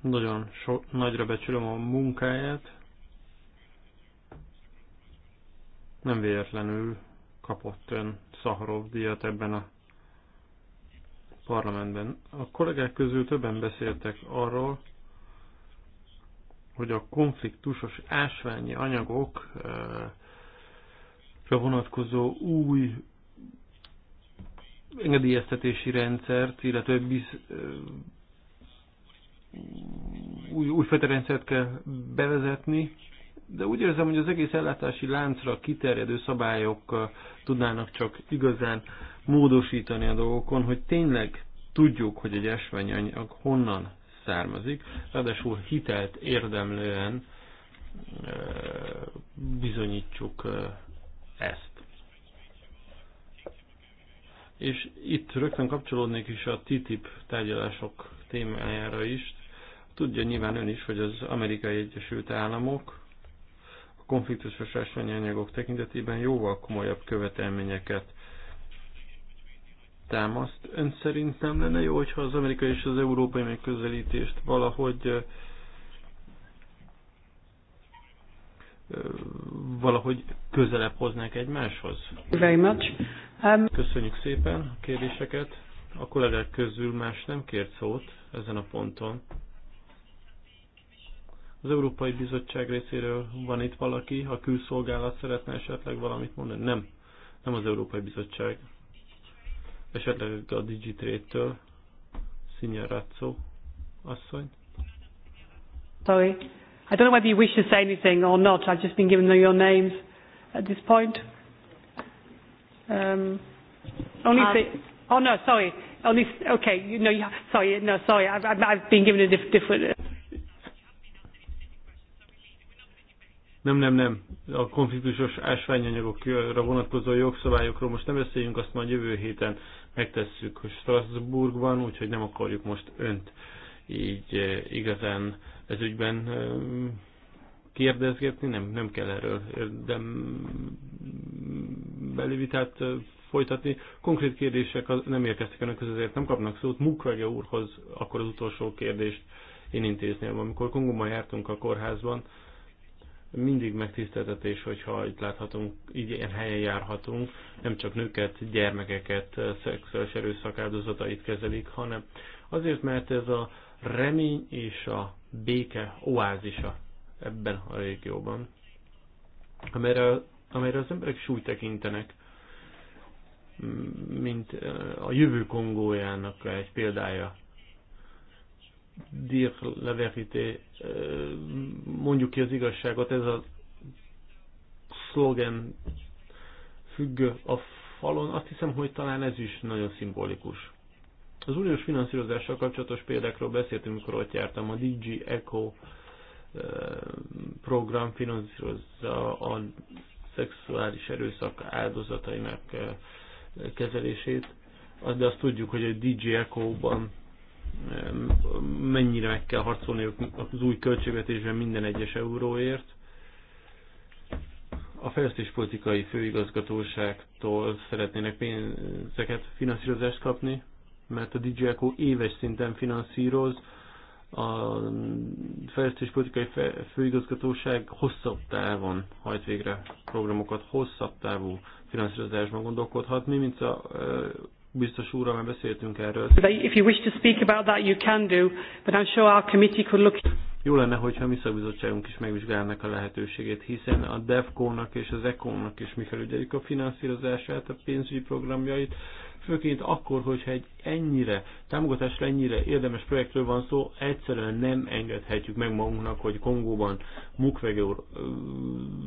Speaker 2: Nagyon so, nagyra becsülöm a munkáját. Nem véletlenül kapott ön Szaharov díjat ebben a parlamentben. A kollégák közül többen beszéltek arról, hogy a konfliktusos ásványi anyagokra vonatkozó új engedélyeztetési rendszert, illetve biz, új, új rendszert kell bevezetni, de úgy érzem, hogy az egész ellátási láncra kiterjedő szabályok tudnának csak igazán módosítani a dolgokon, hogy tényleg tudjuk, hogy egy anyag honnan származik, ráadásul hitelt érdemlően bizonyítsuk ezt. És itt rögtön kapcsolódnék is a TTIP tárgyalások témájára is. Tudja nyilván ön is, hogy az Amerikai Egyesült Államok a konfliktusos anyagok tekintetében jóval komolyabb követelményeket támaszt. Ön szerint nem lenne jó, hogyha az amerikai és az európai megközelítést valahogy valahogy közelebb hoznák egymáshoz? Very much. Um... Köszönjük szépen a kérdéseket. A kollégák közül más nem kért szót ezen a ponton. Az Európai Bizottság részéről van itt valaki, ha külszolgálat szeretne esetleg valamit mondani? Nem, nem az Európai Bizottság esetleg a digitrate től Razzo, asszony.
Speaker 1: Sorry. I don't know whether you wish to say anything or not. I've just been given your names at this point. Um, only um, the, oh no, sorry. Only okay. You know, you, sorry. No, sorry. I've, I've been given a diff different.
Speaker 2: Nem, nem, nem. A konfliktusos ásványanyagokra vonatkozó jogszabályokról most nem beszéljünk, azt majd jövő héten megtesszük, hogy Strasbourgban, úgyhogy nem akarjuk most önt így eh, igazán ez ügyben eh, kérdezgetni, nem, nem kell erről érdembeli vitát eh, folytatni. Konkrét kérdések nem érkeztek önök ezért nem kapnak szót. Mukwege úrhoz akkor az utolsó kérdést én intézném. Amikor Kongóban jártunk a kórházban, mindig megtiszteltetés, hogyha itt láthatunk, így ilyen helyen járhatunk, nem csak nőket, gyermekeket, szexuális erőszak áldozatait kezelik, hanem azért, mert ez a remény és a béke oázisa ebben a régióban, amelyre, amelyre az emberek súly tekintenek, mint a jövő Kongójának egy példája dire la vérité, mondjuk ki az igazságot, ez a szlogen függ a falon, azt hiszem, hogy talán ez is nagyon szimbolikus. Az uniós finanszírozással kapcsolatos példákról beszéltünk, amikor ott jártam, a DG Echo program finanszírozza a szexuális erőszak áldozatainak kezelését, de azt tudjuk, hogy a DG Echo-ban mennyire meg kell harcolni az új költségvetésben minden egyes euróért. A fejlesztéspolitikai főigazgatóságtól szeretnének pénzeket, finanszírozást kapni, mert a DJ éves szinten finanszíroz, a fejlesztéspolitikai főigazgatóság hosszabb távon hajt végre programokat, hosszabb távú finanszírozásban gondolkodhat, mi mint a biztos úr, már beszéltünk erről. If you wish to speak about that, you can do, but I'm sure our committee could look... Jó lenne, hogyha mi szakbizottságunk is megvizsgálnak a lehetőségét, hiszen a DEFCO-nak és az ECO-nak is mi felügyeljük a finanszírozását, a pénzügyi programjait, főként akkor, hogyha egy ennyire, támogatásra ennyire érdemes projektről van szó, egyszerűen nem engedhetjük meg magunknak, hogy Kongóban Mukwege,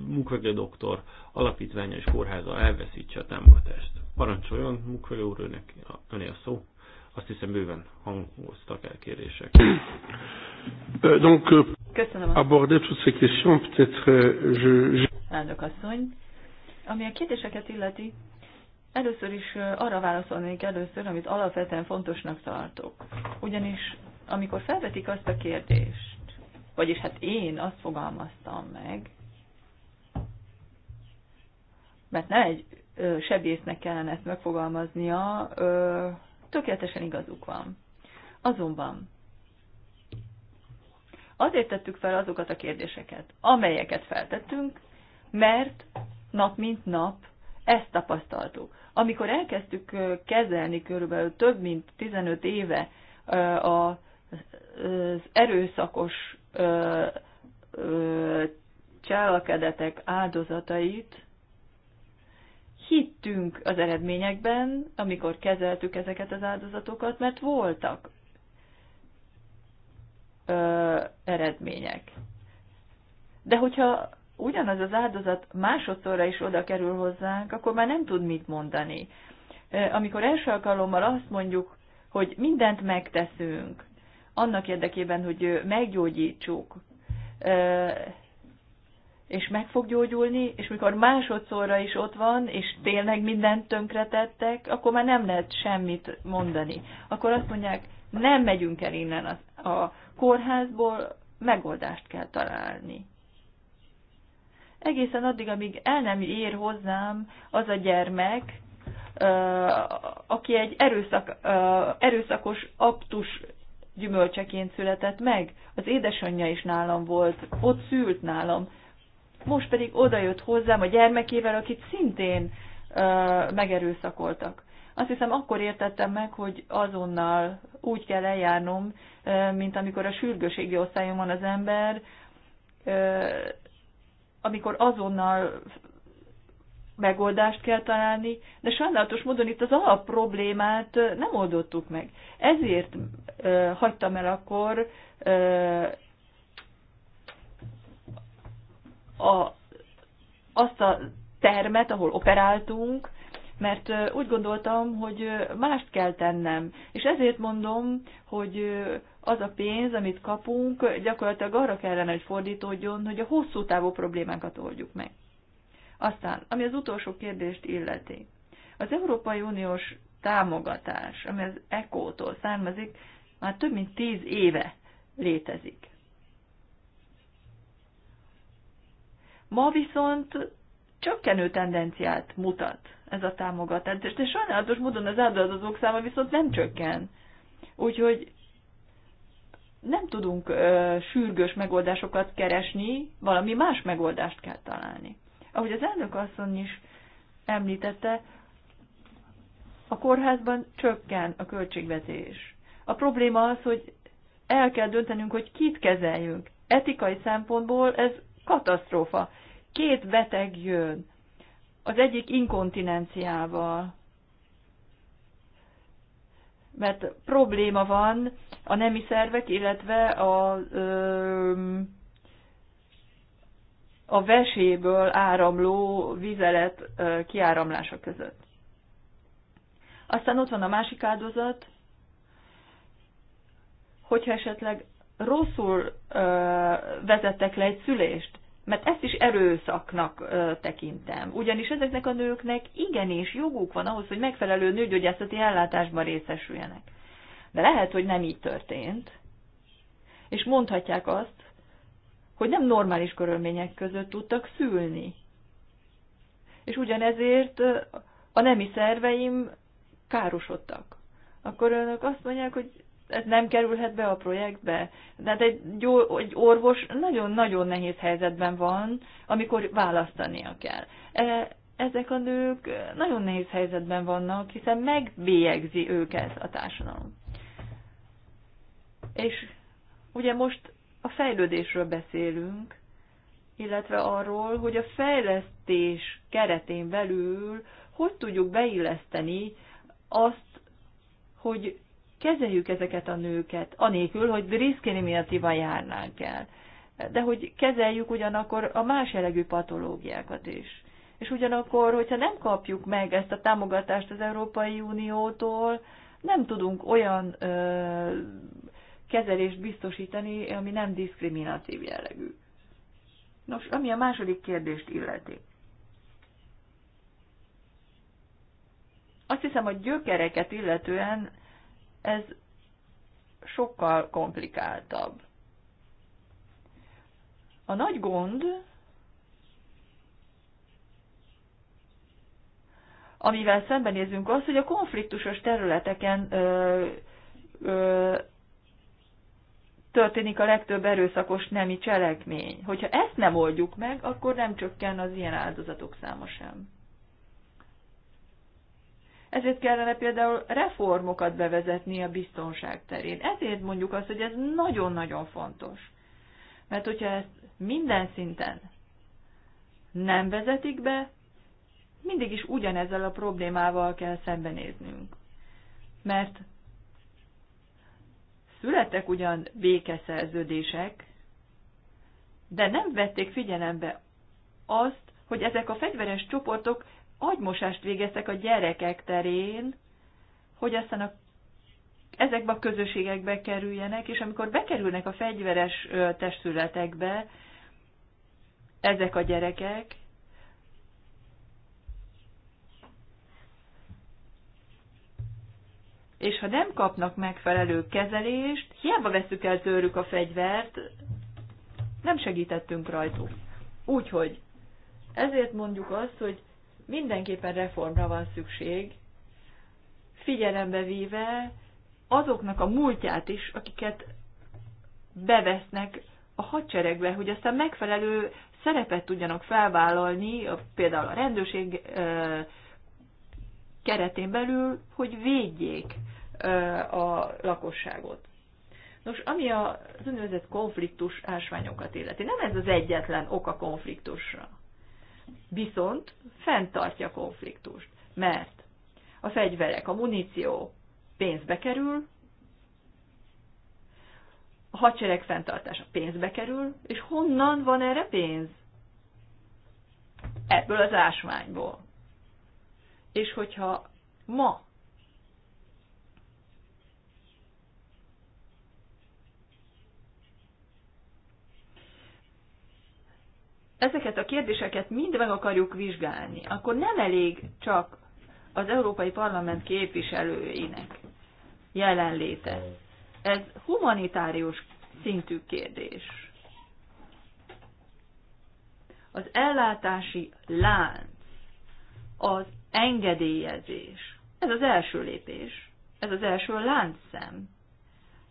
Speaker 2: Mukwege doktor alapítványa és kórháza elveszítse a támogatást. Parancsoljon, Mukaja úr, önnek, öné a szó. Azt hiszem bőven hangoztak el kérések.
Speaker 3: Euh, euh, Köszönöm.
Speaker 2: Aborder toutes ces questions, peut-être euh, je...
Speaker 1: Elnök asszony, ami a kérdéseket illeti, először is arra válaszolnék először, amit alapvetően fontosnak tartok. Ugyanis, amikor felvetik azt a kérdést, vagyis hát én azt fogalmaztam meg, mert nem egy sebésznek kellene ezt megfogalmaznia, tökéletesen igazuk van. Azonban azért tettük fel azokat a kérdéseket, amelyeket feltettünk, mert nap mint nap ezt tapasztaltuk. Amikor elkezdtük kezelni körülbelül több mint 15 éve az erőszakos cselekedetek áldozatait, hittünk az eredményekben, amikor kezeltük ezeket az áldozatokat, mert voltak ö, eredmények. De hogyha ugyanaz az áldozat másodszorra is oda kerül hozzánk, akkor már nem tud mit mondani. Amikor első alkalommal azt mondjuk, hogy mindent megteszünk, annak érdekében, hogy meggyógyítsuk, és meg fog gyógyulni, és mikor másodszorra is ott van, és tényleg mindent tönkretettek, akkor már nem lehet semmit mondani. Akkor azt mondják, nem megyünk el innen a, a kórházból, megoldást kell találni. Egészen addig, amíg el nem ér hozzám az a gyermek, aki egy erőszak, erőszakos aktus gyümölcseként született meg. Az édesanyja is nálam volt, ott szült nálam most pedig odajött hozzám a gyermekével, akit szintén megerőszakoltak. Azt hiszem, akkor értettem meg, hogy azonnal úgy kell eljárnom, mint amikor a sürgőségi osztályon van az ember, amikor azonnal megoldást kell találni, de sajnálatos módon itt az alap problémát nem oldottuk meg. Ezért hagytam el akkor a, azt a termet, ahol operáltunk, mert úgy gondoltam, hogy mást kell tennem. És ezért mondom, hogy az a pénz, amit kapunk, gyakorlatilag arra kellene, hogy fordítódjon, hogy a hosszú távú problémákat oldjuk meg. Aztán, ami az utolsó kérdést illeti. Az Európai Uniós támogatás, ami az ECO-tól származik, már több mint tíz éve létezik. Ma viszont csökkenő tendenciát mutat ez a támogatás, de sajnálatos módon az áldozatok száma viszont nem csökken. Úgyhogy nem tudunk ö, sürgős megoldásokat keresni, valami más megoldást kell találni. Ahogy az elnök asszony is említette, a kórházban csökken a költségvetés. A probléma az, hogy el kell döntenünk, hogy kit kezeljünk. Etikai szempontból ez katasztrófa két beteg jön, az egyik inkontinenciával, mert probléma van a nemi szervek, illetve a, ö, a veséből áramló vizelet ö, kiáramlása között. Aztán ott van a másik áldozat, hogyha esetleg rosszul ö, vezettek le egy szülést, mert ezt is erőszaknak tekintem. Ugyanis ezeknek a nőknek igenis joguk van ahhoz, hogy megfelelő nőgyógyászati ellátásban részesüljenek. De lehet, hogy nem így történt, és mondhatják azt, hogy nem normális körülmények között tudtak szülni. És ugyanezért a nemi szerveim károsodtak. Akkor önök azt mondják, hogy ez nem kerülhet be a projektbe. Tehát egy, egy orvos nagyon-nagyon nehéz helyzetben van, amikor választania kell. E, ezek a nők nagyon nehéz helyzetben vannak, hiszen megbélyegzi őket a társadalom. És ugye most a fejlődésről beszélünk, illetve arról, hogy a fejlesztés keretén belül hogy tudjuk beilleszteni azt, hogy kezeljük ezeket a nőket, anélkül, hogy diszkriminatívan járnánk el. De hogy kezeljük ugyanakkor a más jellegű patológiákat is. És ugyanakkor, hogyha nem kapjuk meg ezt a támogatást az Európai Uniótól, nem tudunk olyan ö, kezelést biztosítani, ami nem diszkriminatív jellegű. Nos, ami a második kérdést illeti. Azt hiszem, hogy gyökereket illetően ez sokkal komplikáltabb. A nagy gond, amivel szembenézünk az, hogy a konfliktusos területeken ö, ö, történik a legtöbb erőszakos nemi cselekmény. Hogyha ezt nem oldjuk meg, akkor nem csökken az ilyen áldozatok száma sem. Ezért kellene például reformokat bevezetni a biztonság terén. Ezért mondjuk azt, hogy ez nagyon-nagyon fontos. Mert hogyha ezt minden szinten nem vezetik be, mindig is ugyanezzel a problémával kell szembenéznünk. Mert születtek ugyan békeszerződések, de nem vették figyelembe azt, hogy ezek a fegyveres csoportok agymosást végeztek a gyerekek terén, hogy aztán a, ezekbe a közösségekbe kerüljenek, és amikor bekerülnek a fegyveres testületekbe ezek a gyerekek, és ha nem kapnak megfelelő kezelést, hiába veszük el tőlük a fegyvert, nem segítettünk rajtuk. Úgyhogy ezért mondjuk azt, hogy mindenképpen reformra van szükség, figyelembe véve azoknak a múltját is, akiket bevesznek a hadseregbe, hogy aztán megfelelő szerepet tudjanak felvállalni, például a rendőrség keretén belül, hogy védjék a lakosságot. Nos, ami az úgynevezett konfliktus ásványokat illeti, nem ez az egyetlen ok a konfliktusra viszont fenntartja a konfliktust, mert a fegyverek, a muníció pénzbe kerül, a hadsereg fenntartása pénzbe kerül, és honnan van erre pénz? Ebből az ásványból. És hogyha ma ezeket a kérdéseket mind meg akarjuk vizsgálni, akkor nem elég csak az Európai Parlament képviselőinek jelenléte. Ez humanitárius szintű kérdés. Az ellátási lánc, az engedélyezés, ez az első lépés, ez az első láncszem,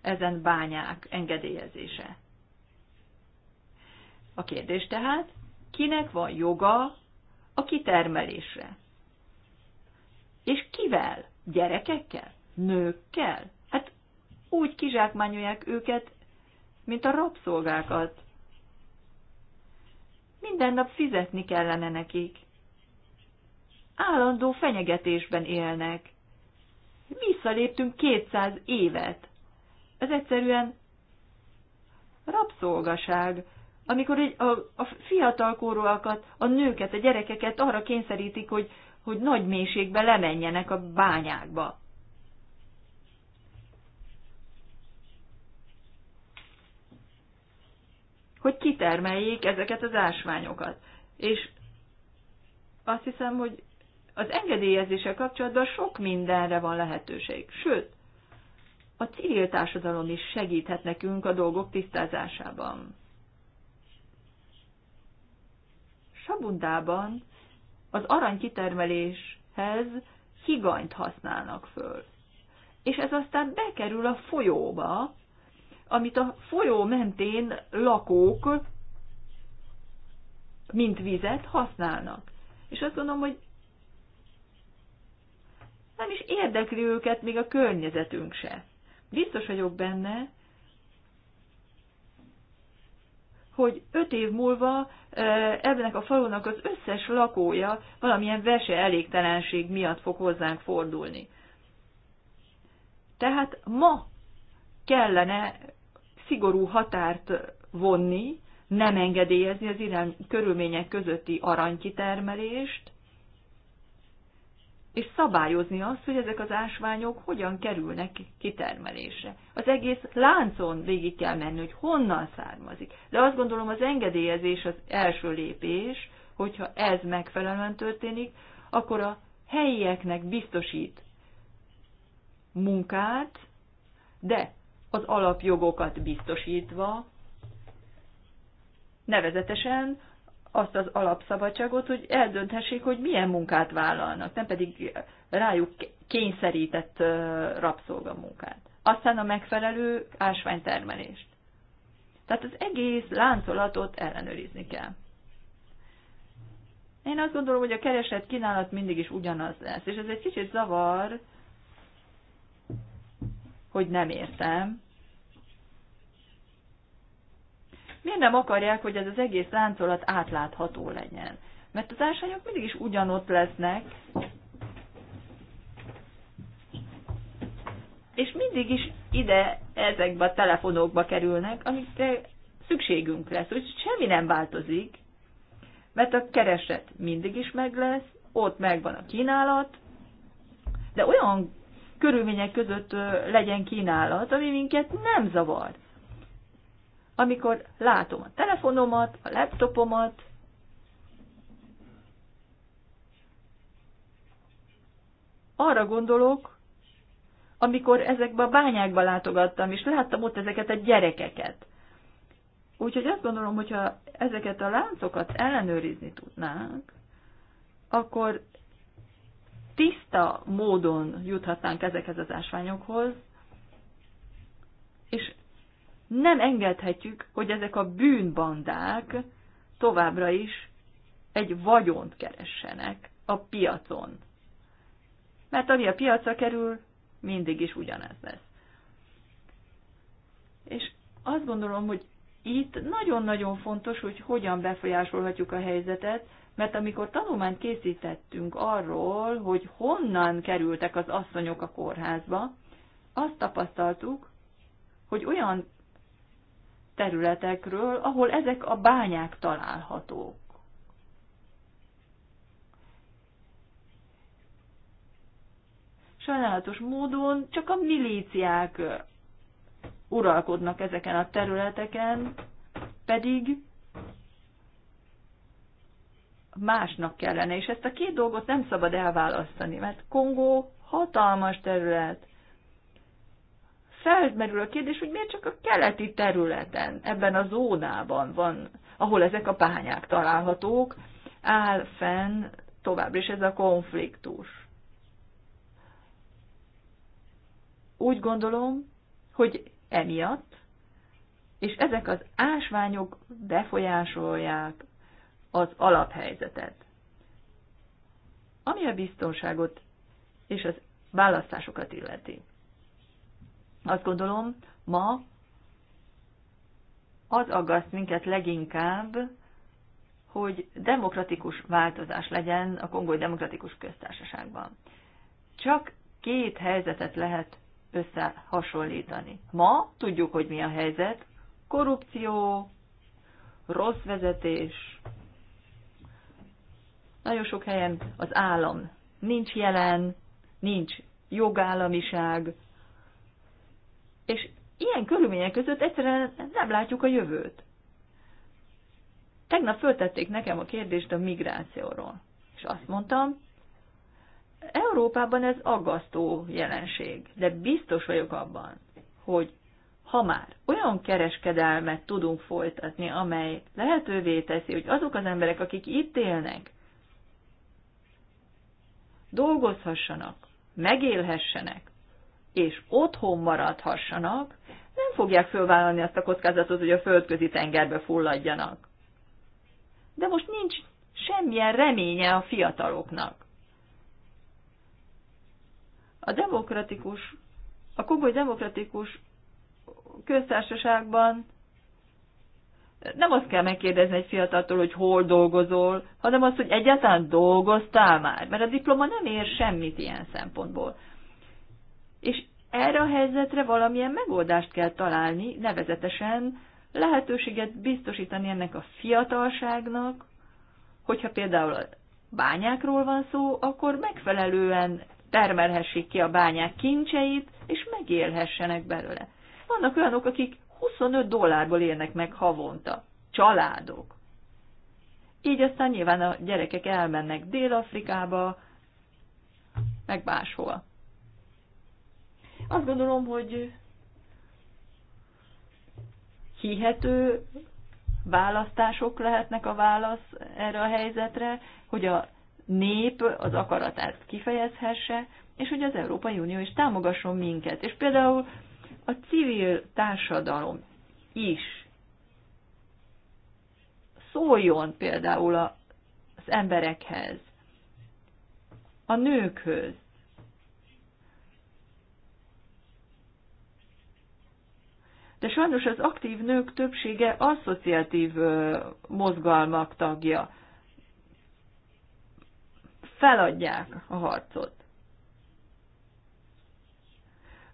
Speaker 1: ezen bányák engedélyezése. A kérdés tehát, kinek van joga a kitermelésre. És kivel? Gyerekekkel? Nőkkel? Hát úgy kizsákmányolják őket, mint a rabszolgákat. Minden nap fizetni kellene nekik. Állandó fenyegetésben élnek. Visszaléptünk 200 évet. Ez egyszerűen rabszolgaság amikor egy, a, a fiatalkorúakat, a nőket, a gyerekeket arra kényszerítik, hogy, hogy nagy mélységbe lemenjenek a bányákba. Hogy kitermeljék ezeket az ásványokat. És azt hiszem, hogy az engedélyezéssel kapcsolatban sok mindenre van lehetőség. Sőt, a civil társadalom is segíthet nekünk a dolgok tisztázásában. Burundában az arany kitermeléshez higanyt használnak föl. És ez aztán bekerül a folyóba, amit a folyó mentén lakók, mint vizet használnak. És azt gondolom, hogy nem is érdekli őket még a környezetünk se. Biztos vagyok benne, hogy öt év múlva ebben a falunak az összes lakója valamilyen vese elégtelenség miatt fog hozzánk fordulni. Tehát ma kellene szigorú határt vonni, nem engedélyezni az irány körülmények közötti aranykitermelést, és szabályozni azt, hogy ezek az ásványok hogyan kerülnek kitermelésre. Az egész láncon végig kell menni, hogy honnan származik. De azt gondolom az engedélyezés az első lépés, hogyha ez megfelelően történik, akkor a helyieknek biztosít munkát, de az alapjogokat biztosítva, nevezetesen azt az alapszabadságot, hogy eldönthessék, hogy milyen munkát vállalnak, nem pedig rájuk kényszerített rabszolgamunkát. Aztán a megfelelő ásványtermelést. Tehát az egész láncolatot ellenőrizni kell. Én azt gondolom, hogy a kereslet kínálat mindig is ugyanaz lesz, és ez egy kicsit zavar, hogy nem értem, miért nem akarják, hogy ez az egész láncolat átlátható legyen? Mert az ásványok mindig is ugyanott lesznek, és mindig is ide ezekbe a telefonokba kerülnek, amikre szükségünk lesz. Úgyhogy semmi nem változik, mert a kereset mindig is meg lesz, ott megvan a kínálat, de olyan körülmények között legyen kínálat, ami minket nem zavar amikor látom a telefonomat, a laptopomat, arra gondolok, amikor ezekbe a bányákba látogattam, és láttam ott ezeket a gyerekeket. Úgyhogy azt gondolom, hogyha ezeket a láncokat ellenőrizni tudnánk, akkor tiszta módon juthatnánk ezekhez az ásványokhoz, és nem engedhetjük, hogy ezek a bűnbandák továbbra is egy vagyont keressenek a piacon. Mert ami a piacra kerül, mindig is ugyanez lesz. És azt gondolom, hogy itt nagyon-nagyon fontos, hogy hogyan befolyásolhatjuk a helyzetet, mert amikor tanulmányt készítettünk arról, hogy honnan kerültek az asszonyok a kórházba, azt tapasztaltuk, hogy olyan területekről, ahol ezek a bányák találhatók. Sajnálatos módon csak a milíciák uralkodnak ezeken a területeken, pedig másnak kellene, és ezt a két dolgot nem szabad elválasztani, mert Kongó hatalmas terület, felmerül a kérdés, hogy miért csak a keleti területen, ebben a zónában van, ahol ezek a pányák találhatók, áll fenn továbbra is ez a konfliktus. Úgy gondolom, hogy emiatt, és ezek az ásványok befolyásolják az alaphelyzetet. Ami a biztonságot és az választásokat illeti. Azt gondolom, ma az aggaszt minket leginkább, hogy demokratikus változás legyen a Kongói Demokratikus Köztársaságban. Csak két helyzetet lehet összehasonlítani. Ma tudjuk, hogy mi a helyzet. Korrupció, rossz vezetés. Nagyon sok helyen az állam nincs jelen, nincs jogállamiság, ilyen körülmények között egyszerűen nem látjuk a jövőt. Tegnap föltették nekem a kérdést a migrációról, és azt mondtam, Európában ez aggasztó jelenség, de biztos vagyok abban, hogy ha már olyan kereskedelmet tudunk folytatni, amely lehetővé teszi, hogy azok az emberek, akik itt élnek, dolgozhassanak, megélhessenek, és otthon maradhassanak, nem fogják fölvállalni azt a kockázatot, hogy a földközi tengerbe fulladjanak. De most nincs semmilyen reménye a fiataloknak. A demokratikus, a komoly demokratikus köztársaságban nem azt kell megkérdezni egy fiataltól, hogy hol dolgozol, hanem azt, hogy egyáltalán dolgoztál már, mert a diploma nem ér semmit ilyen szempontból. És erre a helyzetre valamilyen megoldást kell találni, nevezetesen lehetőséget biztosítani ennek a fiatalságnak, hogyha például a bányákról van szó, akkor megfelelően termelhessék ki a bányák kincseit, és megélhessenek belőle. Vannak olyanok, akik 25 dollárból élnek meg havonta. Családok. Így aztán nyilván a gyerekek elmennek Dél-Afrikába, meg máshol. Azt gondolom, hogy hihető választások lehetnek a válasz erre a helyzetre, hogy a nép az akaratát kifejezhesse, és hogy az Európai Unió is támogasson minket. És például a civil társadalom is szóljon például az emberekhez, a nőkhöz, de sajnos az aktív nők többsége asszociatív mozgalmak tagja. Feladják a harcot.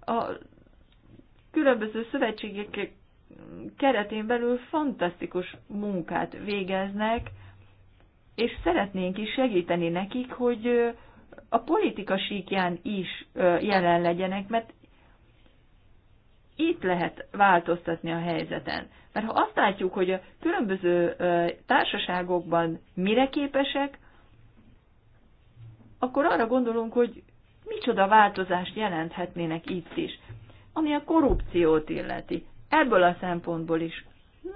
Speaker 1: A különböző szövetségek keretén belül fantasztikus munkát végeznek, és szeretnénk is segíteni nekik, hogy a politika síkján is jelen legyenek, mert itt lehet változtatni a helyzeten. Mert ha azt látjuk, hogy a különböző társaságokban mire képesek, akkor arra gondolunk, hogy micsoda változást jelenthetnének itt is, ami a korrupciót illeti. Ebből a szempontból is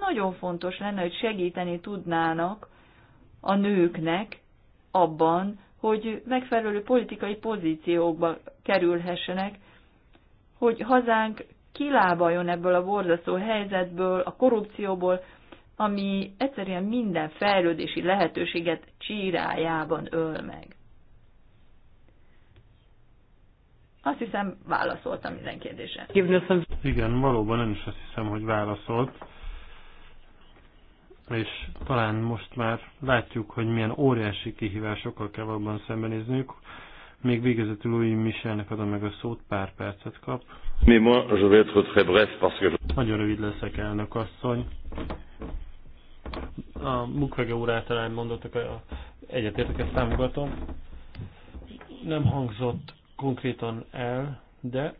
Speaker 1: nagyon fontos lenne, hogy segíteni tudnának a nőknek abban, hogy megfelelő politikai pozíciókba kerülhessenek, hogy hazánk kilábaljon ebből a borzasztó helyzetből, a korrupcióból, ami egyszerűen minden fejlődési lehetőséget csírájában öl meg. Azt hiszem, válaszoltam minden kérdésre.
Speaker 2: Igen, valóban nem is azt hiszem, hogy válaszolt. És talán most már látjuk, hogy milyen óriási kihívásokkal kell abban szembenézniük. Még végezetül új Michelnek adom meg a szót, pár percet kap. Nagyon rövid leszek, elnök asszony. A Mukwege úr általán mondottak, egyetértek, ezt támogatom. Nem hangzott konkrétan el, de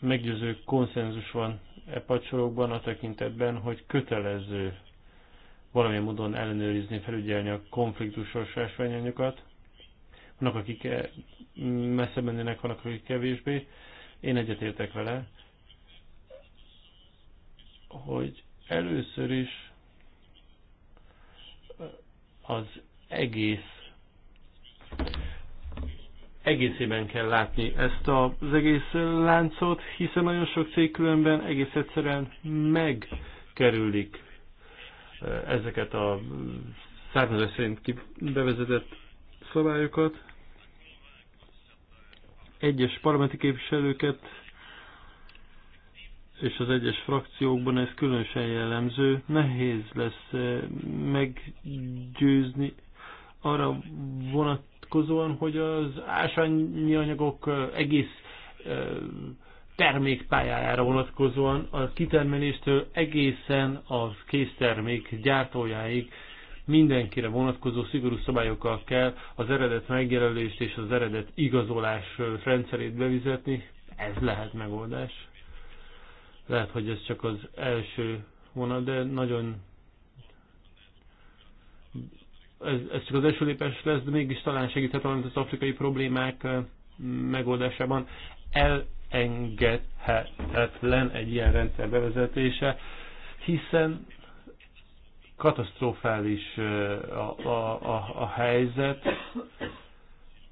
Speaker 2: meggyőző konszenzus van e pacsorokban a tekintetben, hogy kötelező valamilyen módon ellenőrizni, felügyelni a konfliktusos ásványanyokat. Vannak, akik eh, messze mennének, vannak, akik kevésbé. Én egyetértek vele, hogy először is az egész egészében kell látni ezt az egész láncot, hiszen nagyon sok cég különben egész egyszerűen megkerülik eh, ezeket a származás szerint bevezetett szabályokat egyes parlamenti képviselőket és az egyes frakciókban ez különösen jellemző, nehéz lesz eh, meggyőzni arra vonatkozóan, hogy az ásványi anyagok eh, egész eh, termékpályájára vonatkozóan a kitermeléstől egészen a késztermék gyártójáig mindenkire vonatkozó szigorú szabályokkal kell az eredet megjelölést és az eredet igazolás rendszerét bevizetni. Ez lehet megoldás. Lehet, hogy ez csak az első vonat, de nagyon ez, ez csak az első lépés lesz, de mégis talán segíthet valamit az afrikai problémák megoldásában. Elengedhetetlen egy ilyen rendszer bevezetése, hiszen katasztrofális a, a, a, a helyzet,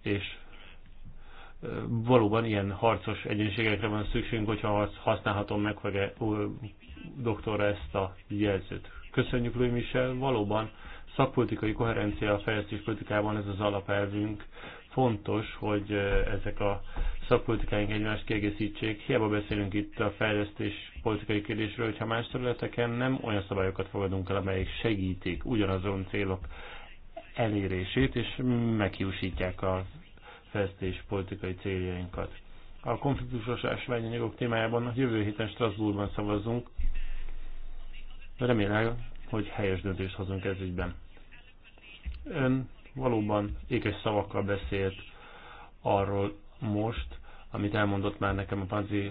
Speaker 2: és valóban ilyen harcos egyenségekre van szükségünk, hogyha használhatom meg hogy e, doktor ezt a jelzőt. Köszönjük, Louis Michel, valóban szakpolitikai koherencia a fejlesztés politikában ez az alapelvünk, fontos, hogy ezek a szakpolitikáink egymást kiegészítsék. Hiába beszélünk itt a fejlesztés politikai kérdésről, hogyha más területeken nem olyan szabályokat fogadunk el, amelyek segítik ugyanazon célok elérését, és meghiúsítják a fejlesztés politikai céljainkat. A konfliktusos ásványanyagok témájában a jövő héten Strasbourgban szavazunk. Remélem, hogy helyes döntést hozunk ez ügyben. Ön valóban ékes szavakkal beszélt arról most, amit elmondott már nekem a Panzi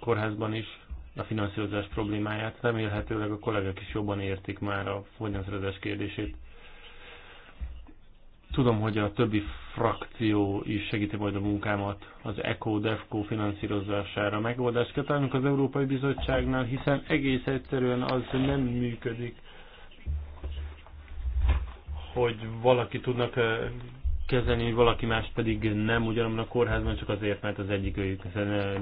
Speaker 2: kórházban is, a finanszírozás problémáját. Remélhetőleg a kollégák is jobban értik már a fogyasztás kérdését. Tudom, hogy a többi frakció is segíti majd a munkámat az ECO-DEFCO finanszírozására megoldást kell találnunk az Európai Bizottságnál, hiszen egész egyszerűen az nem működik, hogy valaki tudnak kezelni, valaki más pedig nem ugyanabban a kórházban, csak azért, mert az egyik őjük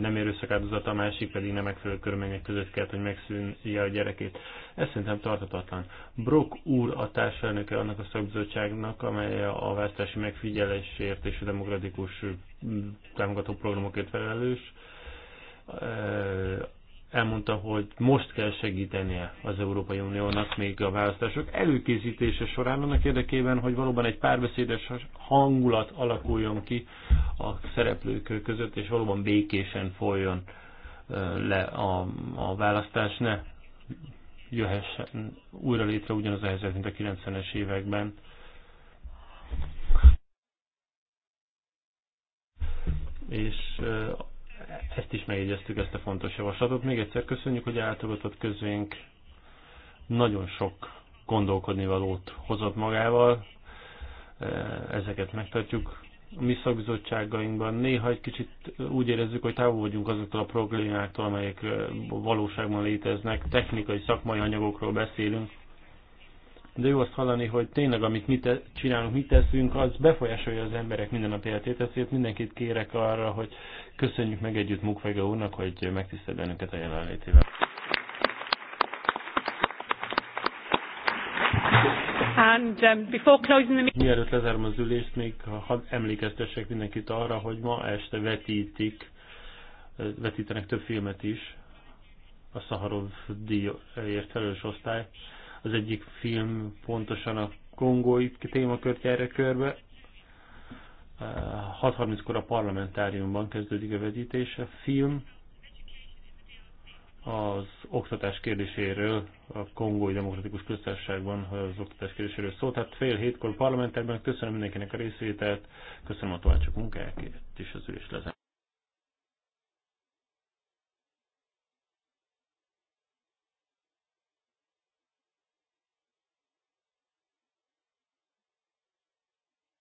Speaker 2: nem ér összekáldozat, a másik pedig nem megfelelő körülmények között kell, hogy megszűnje a gyerekét. Ez szerintem tartatatlan. Brock úr a társelnöke annak a szakbizottságnak, amely a választási megfigyelésért és a demokratikus mm, támogató programokért felelős elmondta, hogy most kell segítenie az Európai Uniónak még a választások előkészítése során annak érdekében, hogy valóban egy párbeszédes hangulat alakuljon ki a szereplők között, és valóban békésen folyjon le a, a választás, ne jöhessen újra létre ugyanaz a helyzet, mint a 90-es években. És ezt is megjegyeztük, ezt a fontos javaslatot. Még egyszer köszönjük, hogy eltogatott közvénk. Nagyon sok gondolkodni valót hozott magával. E, ezeket megtartjuk a mi szakbizottságainkban. Néha egy kicsit úgy érezzük, hogy távol vagyunk azoktól a problémáktól, amelyek valóságban léteznek. Technikai, szakmai anyagokról beszélünk de jó azt hallani, hogy tényleg amit mi te, csinálunk, mit teszünk, az befolyásolja az emberek minden a életét, ezért mindenkit kérek arra, hogy köszönjük meg együtt Mukwege úrnak, hogy megtisztel bennünket a jelenlétével.
Speaker 1: And, um, before closing the meeting...
Speaker 2: Mielőtt lezárom az ülést, még ha emlékeztessek mindenkit arra, hogy ma este vetítik, vetítenek több filmet is, a Szaharov díjért felelős osztály. Az egyik film pontosan a kongói témakört jár körbe. 6.30-kor eh, a parlamentáriumban kezdődik a vetítés. A film az oktatás kérdéséről, a Kongói Demokratikus Köztársaságban az oktatás kérdéséről szó. Tehát fél hétkor parlamentárban köszönöm mindenkinek a részvételt, köszönöm a csak munkáját, és az ülés lezen.